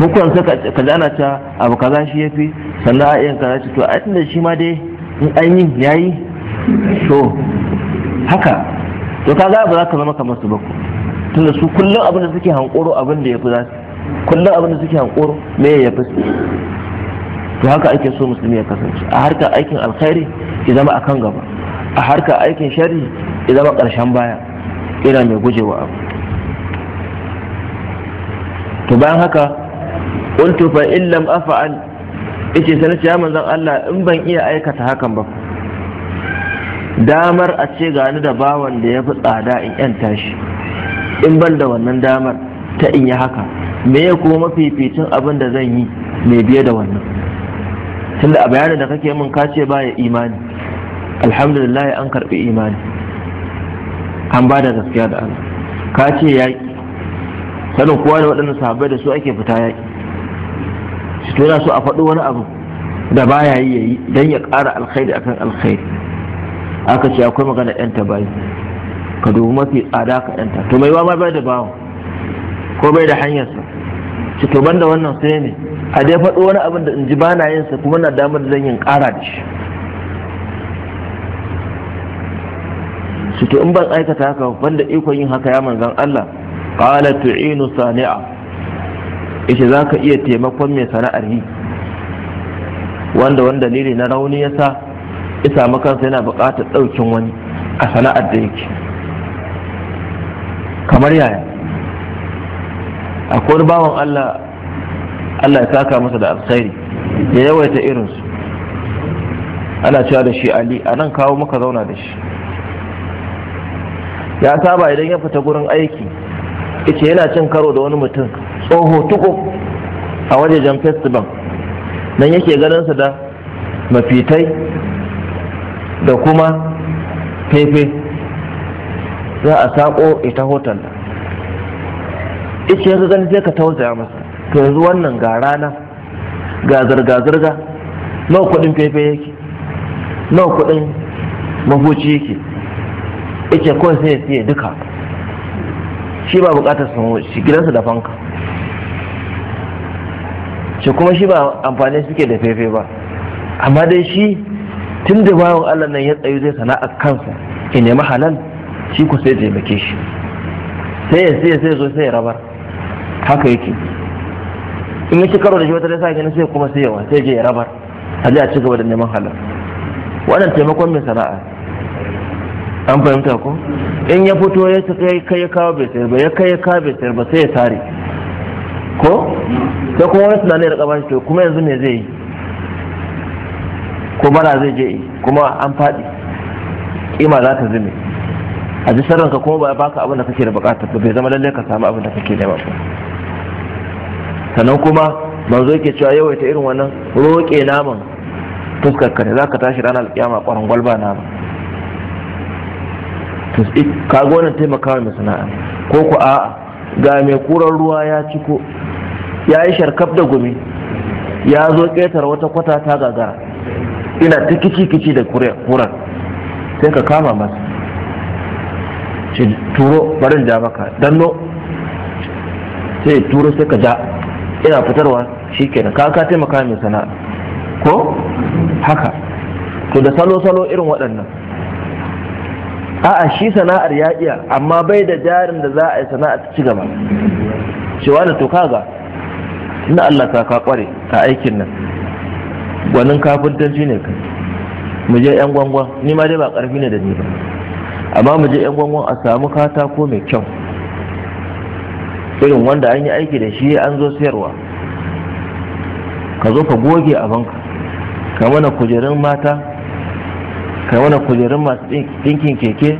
mukan saka kaza ana ta abu kaza shi yafi sannan a yin kaza to a inda shi ma dai in an yi yayi to haka to kaza ba za ka zama kamar su ba tunda su kullum abin da suke hankoro abin da yafi za su kullum abin da suke hankoro me yafi su to haka ake so musulmi ya kasance a harkar aikin alkhairi ya zama a kan gaba a harkar aikin shari ya zama ƙarshen baya ina mai gujewa abu to bayan haka ƙuntu fa illam afa'al af'al yace sai ya zan Allah in ban iya aikata hakan ba damar a ce gani da bawan da ya fi tsada in 'yan tashi, in ban da wannan damar ta in yi haka me ya kuma mafificin abin da zan yi mai biye da wannan tunda a bayani da kake min ka ce baya imani alhamdulillah an karbi imani an ba da gaskiya da Allah ka ce yaƙi sanin kowa da waɗannan sahabbai da su ake fita yaƙi shi to yana so a faɗo wani abu da baya yi yayi dan ya ƙara alkhairi akan alkhairi aka ce akwai magana yan bayi ka dubi mafi tsada ka yanta to mai ma bai da bawo ko bai da hanyarsa ci to banda wannan sai ne a dai faɗo wani abin da in ji bana na yin sa kuma na damar zan yin ƙara da shi su in ban aikata haka da ikon yin haka ya manzan Allah qala tu'inu sani'a za ka iya taimakon mai sana'ar yi wanda wani dalili na rauni yasa sa isa kansa yana buƙatar ɗaukin wani a sana'ar da yake kamar yaya akwai bawan Allah Allah ya saka masa da alkhairi ya yawaita irinsu ana cewa da shi ali a nan kawo muka zauna da shi ya saba idan ya fita gurin aiki ita yana cin karo da wani mutum tsoho tuko a wajejen festival nan yake ganinsa da mafitai da kuma fefe za a sako ita hoton da ita yanzu gani sai ka tausaya masa to yanzu wannan ga rana ga zirga-zirga nawa kudin fefe yake nawa kudin mafuci yake yake kawai sai ya siya duka shi ba bukatar sun shi gidansa da fanka shi kuma shi ba amfani suke da fefe ba amma dai shi tun da bawon allah nan ya tsayu zai sana'a kansa ya nemi halal shi ku sai taimake shi sai ya sai ya zo sai ya rabar haka yake in yake karo da shi wata da sa sai kuma sai yawa sai je ya rabar a a ci gaba da neman halar wannan taimakon mai sana'a an fahimta ko in ya fito ya ci kai ya kawo bai sayar ba ya kai kawo bai sayar ba sai ya tare ko sai kuma wani tunani ya kaba shi to kuma yanzu me zai yi ko bara zai je kuma an faɗi kima za ta zume a ji sarranka kuma ba baka abin da kake da bukata ba bai zama lallai ka samu abin da kake nema ba sannan kuma manzo yake cewa ta irin wannan roƙe naman fuskar ka za ka tashi ranar alƙiyama ƙwarin gwalba nama ka ga wannan taimakawa mai sana'a ko ku a'a ga mai kurar ruwa ya ciko ya yi sharkaf da gumi ya zo ƙetar wata kwata ta gagara ina ta kici-kici da kurar sai ka kama masa turo barin ja maka danno sai turo sai ka ja ina fitarwa shikenan ka ka taimaka mai sana'a ko haka to da salo-salo irin waɗannan a'a shi sana'ar ya iya amma bai da jarin da za a yi sana'a ta ci gaba cewa da to kaga tunda Allah ka kware a aikin nan gwanin kafintanci ne kai mu je yan gwangwan ni ma dai ba karfi ne da ni ba amma mu je yan gwangwan a samu katako mai kyau irin wanda an yi aiki da shi an zo sayarwa ka zo ka goge abinka ka mana kujerun mata ka mana kujerun masu ɗinkin keke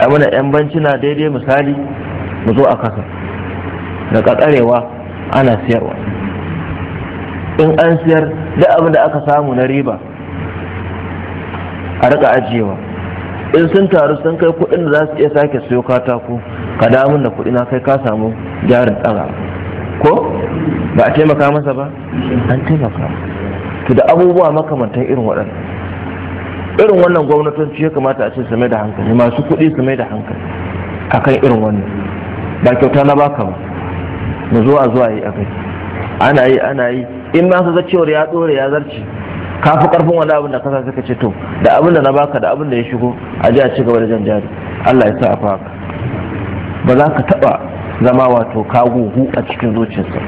a mana 'yan bancina daidai misali mu zo a kasa da kakarewa ana siyarwa in an sayar da abin da aka samu na riba a rika ajiyewa in sun taru sun kai kuɗin da za su iya sake siyo katako ka damun da kuɗi na kai ka samu jarin tsara. ko ba a taimaka masa ba an taimaka to da abubuwa makamantan irin waɗanda irin wannan gwamnatanci ya kamata a ce su mai da hankali masu kuɗi su mai da hankali akan irin wannan ba kyauta na baka ba mu zuwa zuwa yi a kai ana yi ana yi in ma su ya ɗore ya zarce ka fi karfin wani abin da kasa suka ce to da abin da na baka da abin da ya shigo a ji a ci gaba da jan jari Allah ya sa a faka ba za ka taba zama wato ka gugu a cikin zuciyarsa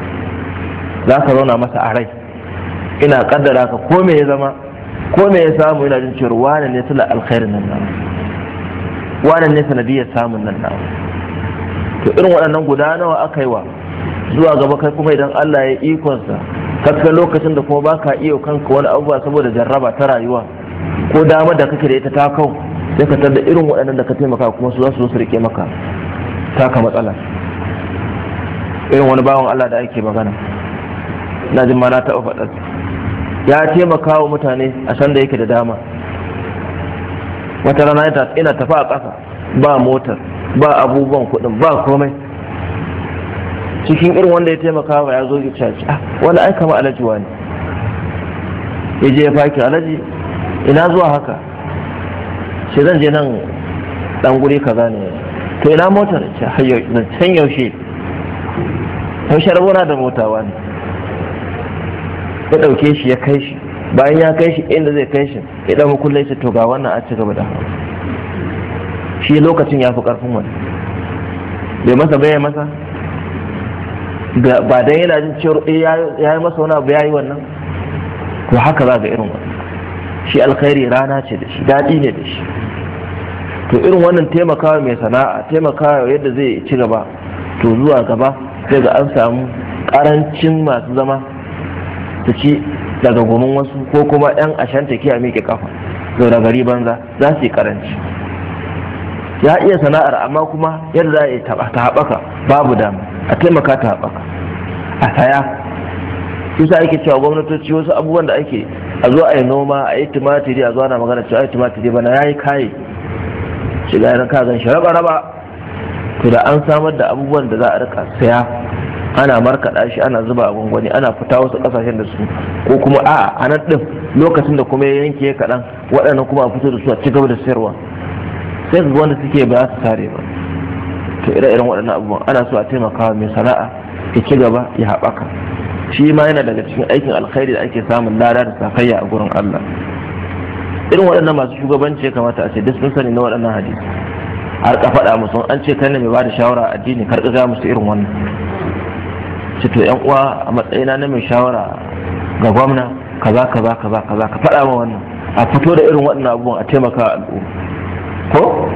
za ka zauna masa a rai ina kaddara ka ko me ya zama ko me ya samu ina jin cewa wani ne tula alkhairin nan nawa wani ne sanadiyar samun nan nawa to irin waɗannan guda nawa aka yi wa zuwa gaba kai kuma idan Allah ya ikonsa kaga lokacin da kuma baka iya kanka wani abubuwa saboda jarraba ta rayuwa ko damar da kake da ita ta kau sai ka tada irin waɗannan da ka taimaka kuma su za su su rike maka taka matsala irin wani bawan Allah da ake magana na jin ma na taɓa faɗa ya taimaka wa mutane a san da yake da dama wata rana ina tafa a ƙasa ba motar ba abubuwan kuɗin ba komai cikin irin wanda ya taimaka ba ya zo ya caci a ah, wani aika ma alaji wani ya je ya faki alaji ina zuwa haka sai zan je nan dan guri kaza ne to ina motar na can yaushe yaushe rabona da mota wani ya dauke shi ya kai shi bayan ya kai shi inda zai kai shi ya dan hukunle shi to ga wannan a ci gaba da shi lokacin ya fi karfin wani bai masa bai masa ba dan yana jin cewar eh, ya yi masa wani abu ya yi wannan to haka za ga irin wannan shi alkhairi rana ce da shi daɗi ne da shi to irin wannan taimakawa mai sana'a taimakawa yadda zai ci gaba to zuwa gaba sai ga an samu ƙarancin masu zama su ci daga gomin wasu ko kuma 'yan ashanta a miƙe kafa zaura gari banza za su yi karanci ya iya sana'ar amma kuma yadda za a yi ta haɓaka babu dama a taimaka ta haɓaka a saya yasa ake cewa gwamnatoci wasu abubuwan da ake a zo a yi noma a yi tumatiri a zuwa na magana cewa a yi tumatiri bana ya yi kaye shiga yana ka gan shi raba to da an samar da abubuwan da za a rika saya ana markaɗa shi ana zuba a gwangwani ana fita wasu ƙasashen da su ko kuma a a nan ɗin lokacin da kuma ya yanke kaɗan waɗannan kuma a fito da su a ci gaba da sayarwa sai ga wanda suke ba su sare ba to ire-iren waɗannan abubuwan ana so a taimaka mai sana'a ya ci gaba ya haɓaka shi ma yana daga cikin aikin alkhairi da ake samun lada da sakayya a gurin Allah irin waɗannan masu shugabanci ya kamata a ce duk sun sani na waɗannan hadisi har ka faɗa musu an ce kai ne mai bada shawara a addini kar ka ga musu irin wannan ce to yan uwa a matsayina na mai shawara ga gwamna kaza kaza kaza kaza ka faɗa ma wannan a fito da irin waɗannan abubuwan a taimaka al'umma ko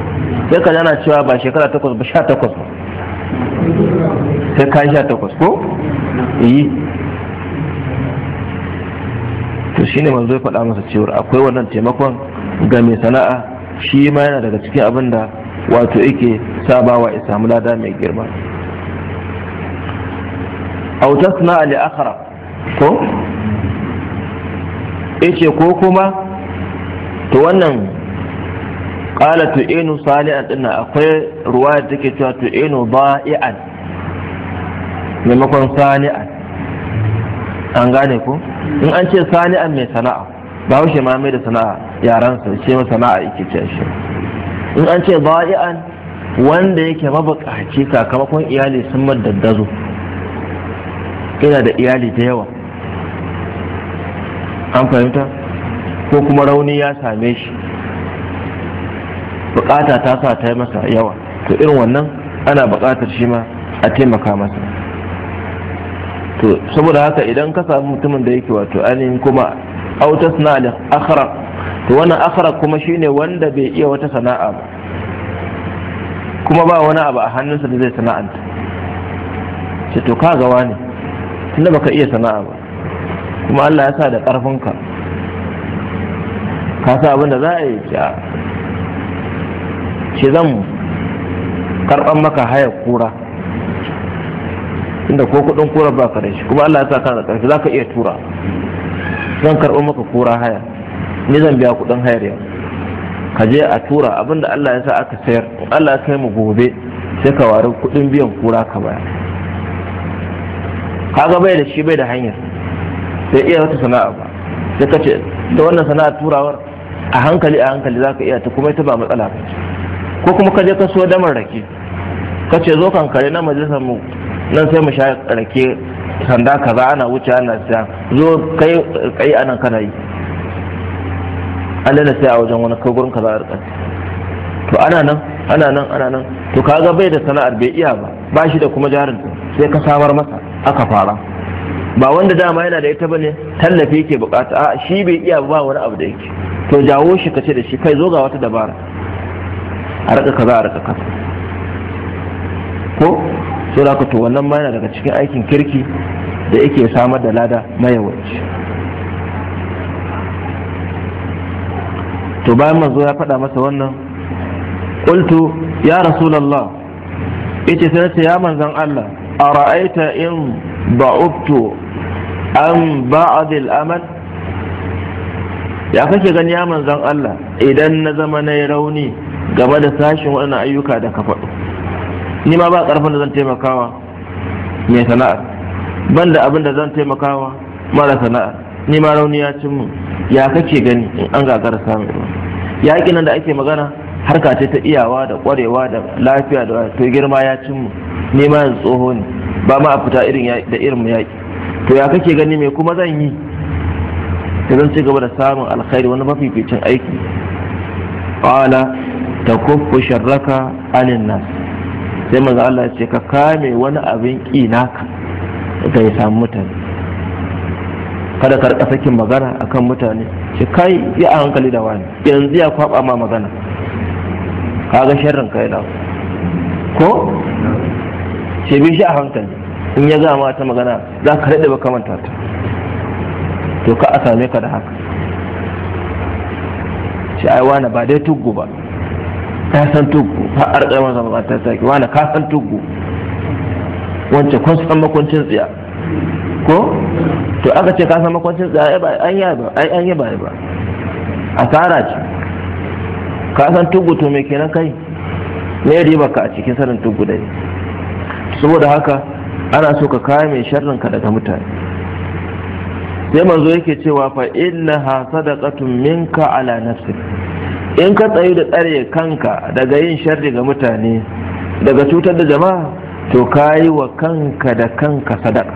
sai ka yana cewa ba shekara takwas ba sha takwas ba sai ka sha takwas ko yi to shine manzo ya faɗa masa cewa akwai wannan taimakon ga mai sana'a shi ma yana daga cikin abin da wato yake sabawa ya samu lada mai girma na ali akara ko ce ko kuma to wannan qala tu'inu salihan dinna akwai ruwa da take cewa tu'inu ba'i'an maimakon sani'an an gane ko in an ce sani'an mai sana'a ba haushe ma mai da sana'a yaran su ce ma sana'a yake ce shi in an ce ba'i'an wanda yake mabukaci sakamakon iyali sun madaddazo ina da iyali da yawa an fahimta ko kuma rauni ya same shi bukata ta sa ta yi masa yawa to irin wannan ana bukatar shi ma a taimaka masa to saboda haka idan ka samu mutumin da yake wato ainihin kuma Autos na akharar to wannan akharar kuma shine wanda bai iya wata sana'a ba kuma ba wani abu a hannunsa da zai sana'anta ce to ka gawa ne tunda baka iya sana'a ba kuma Allah ya sa da karfinka ka sa abin da za a yi ce zan karɓan maka haya kura inda ko kuɗin kura ba ka da shi kuma Allah ya sa kana karfi ƙarfi za ka iya tura zan karɓo maka kura haya ni zan biya kuɗin hayar yau ka je a tura abinda Allah ya sa aka sayar Allah ya kai mu gobe sai ka wari kuɗin biyan kura ka baya kaga bai da shi bai da hanyar sai iya wata sana'a ba sai ka ce da wannan sana'a turawar a hankali a hankali za ka iya ta kuma ita ba matsala ba ko kuma ka je ka so damar rake ka ce zo kan kare na majalisar mu nan sai mu sha rake sanda kaza ana wuce ana siya zo kai kai anan kana yi an dana sai a wajen wani kai gurin kaza a rika to ana nan ana nan ana nan to kaga bai da sana'ar bai iya ba ba shi da kuma jarin sai ka samar masa aka fara ba wanda dama yana da ita bane tallafi yake bukata a shi bai iya ba wani abu da yake to jawo shi ka ce da shi kai zo ga wata dabara a raka kaza a raka kaza ko so da to wannan ma yana daga cikin aikin kirki da yake samar da lada mayawanci to bayan manzo ya faɗa masa wannan qultu ya rasulullah yace sai ce ya manzon Allah ara'aita in ba'ubtu an ba'd al-amal ya kake gani ya manzon Allah idan na zama na rauni game da sashin waɗannan ayyuka da ka faɗo ni ma ba ƙarfin da zan taimakawa mai sana'ar ban da abin da zan taimakawa mara sana'ar ni ma rauni ya cin mu ya kake gani in an gagara samun ruwa yaƙi nan da ake magana harka ce ta iyawa da ƙwarewa da lafiya da to girma ya cin mu ni ma yanzu tsoho ne ba ma a fita irin da irin mu yaƙi to ya kake gani me kuma zan yi da zan ci gaba da samun alkhairi wani mafificin aiki qala ta kuffu sharraka alin nas sai maza Allah ce ka kame wani abin ƙi ka da ya samu mutane kada ka rika sakin magana akan mutane ce kai ya a hankali da wani yanzu ya kwaba ma magana Ka ga sharrin kai da ko ce bi shi a hankali in ya gama ta magana za ka daɗe ba kamanta ta to ka a same ka da haka ce ai wani ba dai tuggu ba ta san tuggu fa arƙa masa ba ta sake wani ka san tuggu wance kun san makwancin tsiya ko to aka ce ka san makwancin tsiya an yi ba an yi ba ba asara ce ka san to me kenan kai me riba ka a cikin sanin tugu dai saboda haka ana so ka kame sharrin ka daga mutane sai manzo yake cewa fa innaha sadaqatun minka ala nafsika in ka tsayu da tsare kanka daga yin sharri ga mutane daga cutar da jama'a to ka yi wa kanka da kanka sadaka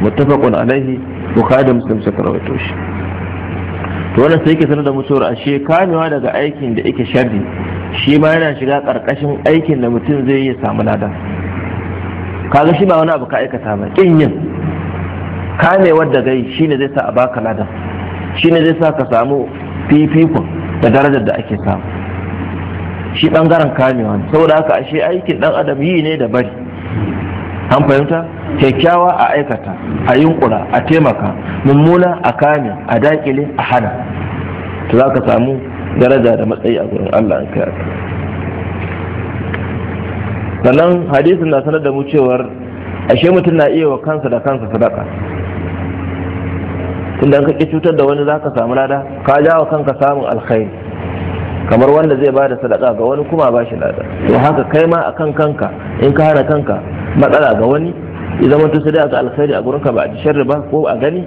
muttafaqun alaihi bukhari muslim suka rawaito shi to wannan sai yake sanar da mu cewa ashe kamewa daga aikin da yake sharri shi ma yana shiga karkashin aikin da mutum zai yi samu lada kaga shi ba wani abu ka aikata ba kin yin kamewar da gai shine zai sa a baka shi shine zai sa ka samu fifikon da darajar da ake samu shi bangaren kamewa saboda haka ashe aikin dan adam yi ne da bari an fahimta kyakkyawa a aikata a yunkura a taimaka mummuna a kame a dakile a hana to za ka samu daraja da matsayi a gurin Allah an kai sannan hadisin na sanar da mu cewar ashe mutum na iya wa kansa da kansa sadaka tunda ka ki cutar da wani zaka samu lada ka jawo kanka samun alkhairi kamar wanda zai bada sadaka ga wani kuma ba shi lada to haka kai ma akan kanka in ka hana kanka matsala ga wani idan zama to sai ga alkhairi a gurinka ba a ji sharri ba ko a gani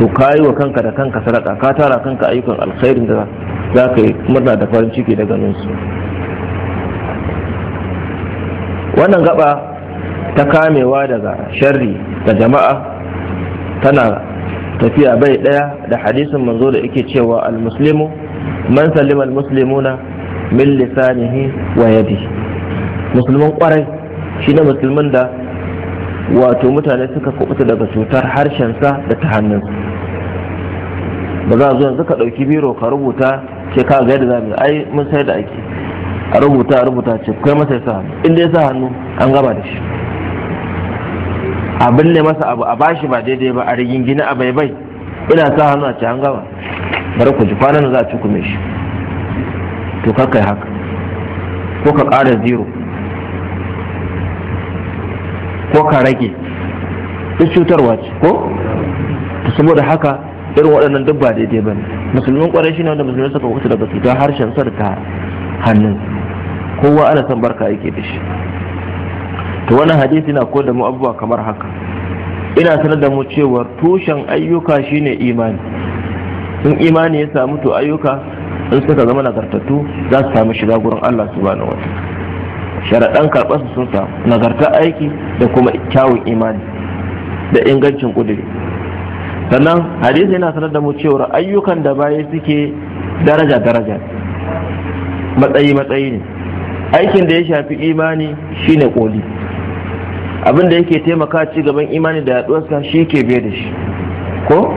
to ka yi wa kanka da kanka sadaka ka tara kanka ayyukan alkhairin da za ka yi murna da farin ciki da ganin su wannan gaba ta kamewa daga sharri da jama'a tana tafiya bai daya da hadisin manzo da yake cewa almuslimu man sallima almuslimuna min lisanihi wa yadihi musulman kwarai shine musulmin da wato mutane suka kubuta daga cutar harshensa da ta hannunsa ba za a zo yanzu ka ɗauki biro ka rubuta ce ka ga yadda zamu ai mun sai da ake a rubuta a rubuta ce kai masa sa in dai sa hannu an gaba da shi a binne masa abu a bashi ba daidai ba a rigingine a bai bai ina sa hannu a cikin gaba. bari ku ji kwanan za a ci kume shi to kai haka ko ka ƙara zero ko ka rage duk cutarwa ce ko saboda haka irin waɗannan duk ba daidai ba ne musulmin ƙwarai shi ne wanda musulmi suka wuce daga cutar harshen sa da ta hannun kowa ana son barka yake da shi to wannan hadisi na koda mu abubuwa kamar haka ina sanar da mu cewa tushen ayyuka shine imani in imani ya samu to ayyuka in suka zama nagartattu za su samu shiga gurin Allah subhanahu wataala sharaɗan karɓar su sun samu nagartar aiki da kuma kyawun imani da ingancin ƙudiri sannan hadisi yana sanar da mu cewa ayyukan da baya suke daraja daraja matsayi matsayi ne aikin da ya shafi imani shine koli abin da yake taimaka ci gaban imani da yaduwarsa shi ke biye da shi ko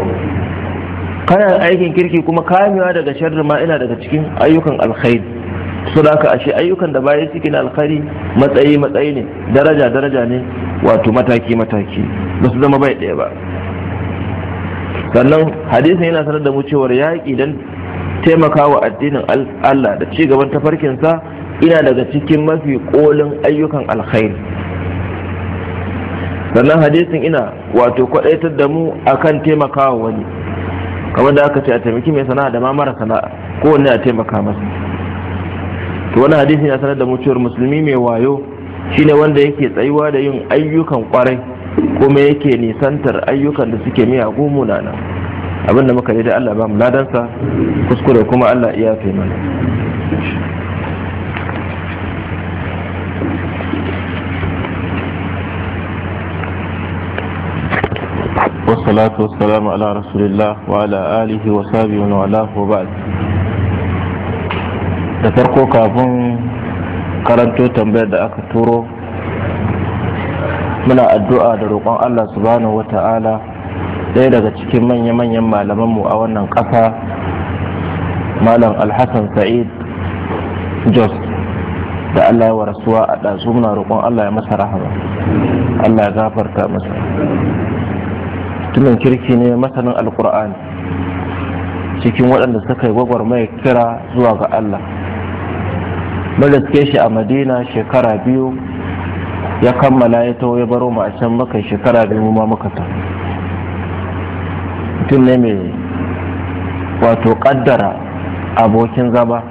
kana aikin kirki kuma kamewa daga sharri ma ina daga cikin ayyukan alkhairi su da ashe ayyukan da bayan cikin alkhairi matsayi matsayi ne daraja daraja ne wato mataki mataki ba su zama bai ɗaya ba sannan hadisin yana sanar da mu yaki yaƙi don taimakawa addinin Allah da ci gaban tafarkinsa ina daga cikin mafi kolin ayyukan alkhairi sannan hadisin ina wato kwadaitar da mu akan taimakawa wani kamar da aka ce a taimaki mai sana'a da ma mara sana'a kowanne a taimaka masa to wani hadisi ya sanar da mu cewa musulmi mai wayo shine wanda yake tsayuwa da yin ayyukan kwarai kuma yake nisantar ayyukan da suke miya munana nan abinda muka da Allah ba mu ladansa kuskure kuma Allah iya mana والصلاة والسلام على رسول الله وعلى آله وصحبه ومن والاه وبعد da farko kafin karanto tambayar da aka turo muna addu'a da roƙon Allah subhanahu wa ta'ala ɗaya daga cikin manya-manyan malamanmu a wannan ƙasa malam alhassan sa'id jos da Allah ya rasuwa a ɗazu muna roƙon Allah ya masa rahma Allah ya gafarta masa Tunan kirki ne masanin alkur'ani cikin waɗanda suka yi gwagwarmaya kira zuwa ga allah maliske shi a madina shekara biyu ya kammala ya taho ya baro mu a can maka shekara biyu ma muka ta mutum ne mai wato kaddara abokin zaba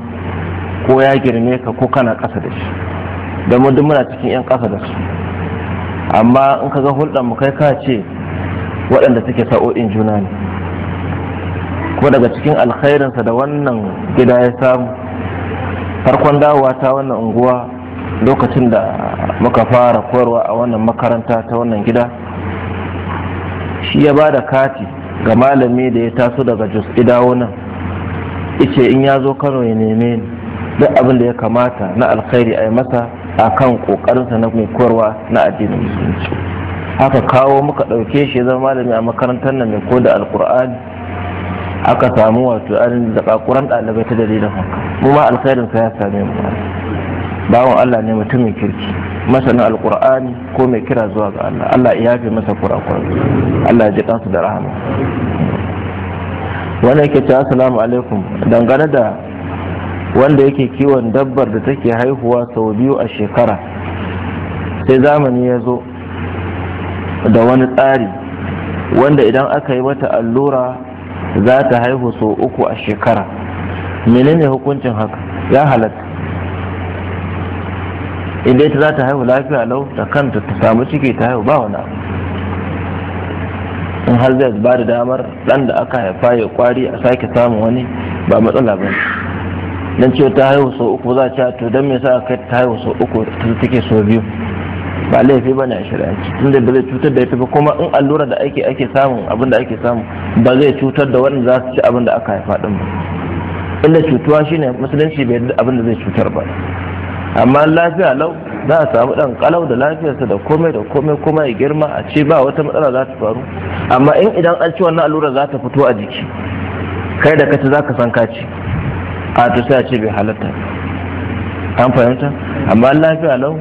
ko ya girme ka ko kana ƙasa da shi da mu duk muna cikin 'yan ƙasa da su amma in ka ga hulɗar mu kai ka ce waɗanda suke sa'o'in juna ne kuma daga cikin alkhairinsa da wannan gida ya samu farkon dawowa ta wannan unguwa lokacin da muka fara koyarwa a wannan makaranta ta wannan gida shi ya ba da kati ga malami da ya taso daga jos idawo nan ice in ya zo kano ya neme ni duk abin da ya kamata na alkhairi a yi masa a kan ƙoƙarinsa na koyarwa na addinin musulunci aka kawo muka ɗauke shi zama malami a makarantar nan mai koda alkur'ani aka samu wato an da kakuran ɗalibai ta dalilin haka mu ma alkhairin sa ya same mu bawon Allah ne mutumin kirki masanin alkur'ani ko mai kira zuwa ga Allah Allah ya fi masa kurakuran Allah ya ji kansu da rahama wani yake ce assalamu alaikum dangane da wanda yake kiwon dabbar da take haihuwa sau biyu a shekara sai zamani ya zo da wani tsari wanda idan aka yi mata allura za ta haihu sau uku a shekara menene hukuncin haka ya halatta inda ita za ta haihu lafiya lau da kanta ta samu ciki ta haihu ba wani abu in har zai ba da damar dan da aka haifa ya kwari a sake samun wani ba matsala ba dan cewa ta haihu sau uku za a ce to don me sa aka ta haihu sau uku ta take sau biyu ba laifi ne a ce tunda ba zai cutar da ya ba kuma in allura da ake ake samun abin da ake samu ba zai cutar da wanda za su ci abin da aka haifa din ba inda cutuwa shine musulunci bai yarda abin da zai cutar ba amma lafiya lau za a samu dan kalau da lafiyarsa da komai da komai kuma ya girma a ce ba wata matsala za ta faru amma in idan an ci wannan allura za ta fito a jiki kai da kace za ka san ka ci a to sai a ce bai halatta an fahimta amma lafiya lau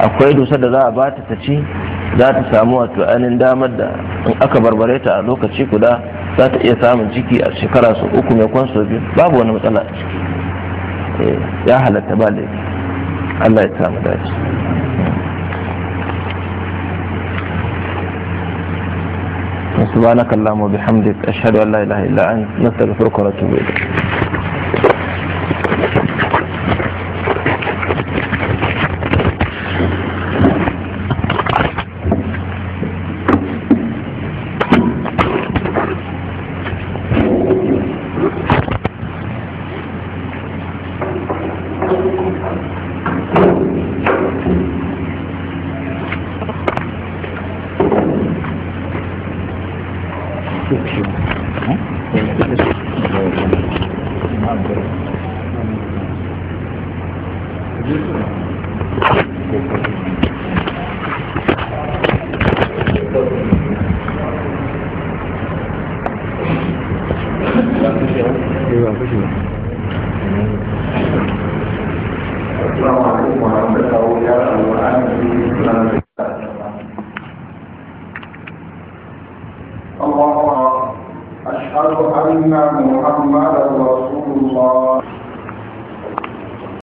akwai dusar da za a bata ta ci za ta samu wato ainihin damar da in aka barbare ta a lokaci guda za ta iya samun ciki a shekara su uku mai kwan biyu babu wani matsala a ciki eh, ya halatta ba laifi Allah ya samu dace سبحانك اللهم وبحمدك أشهد أن لا إله إلا أنت نستغفرك ونتوب إليك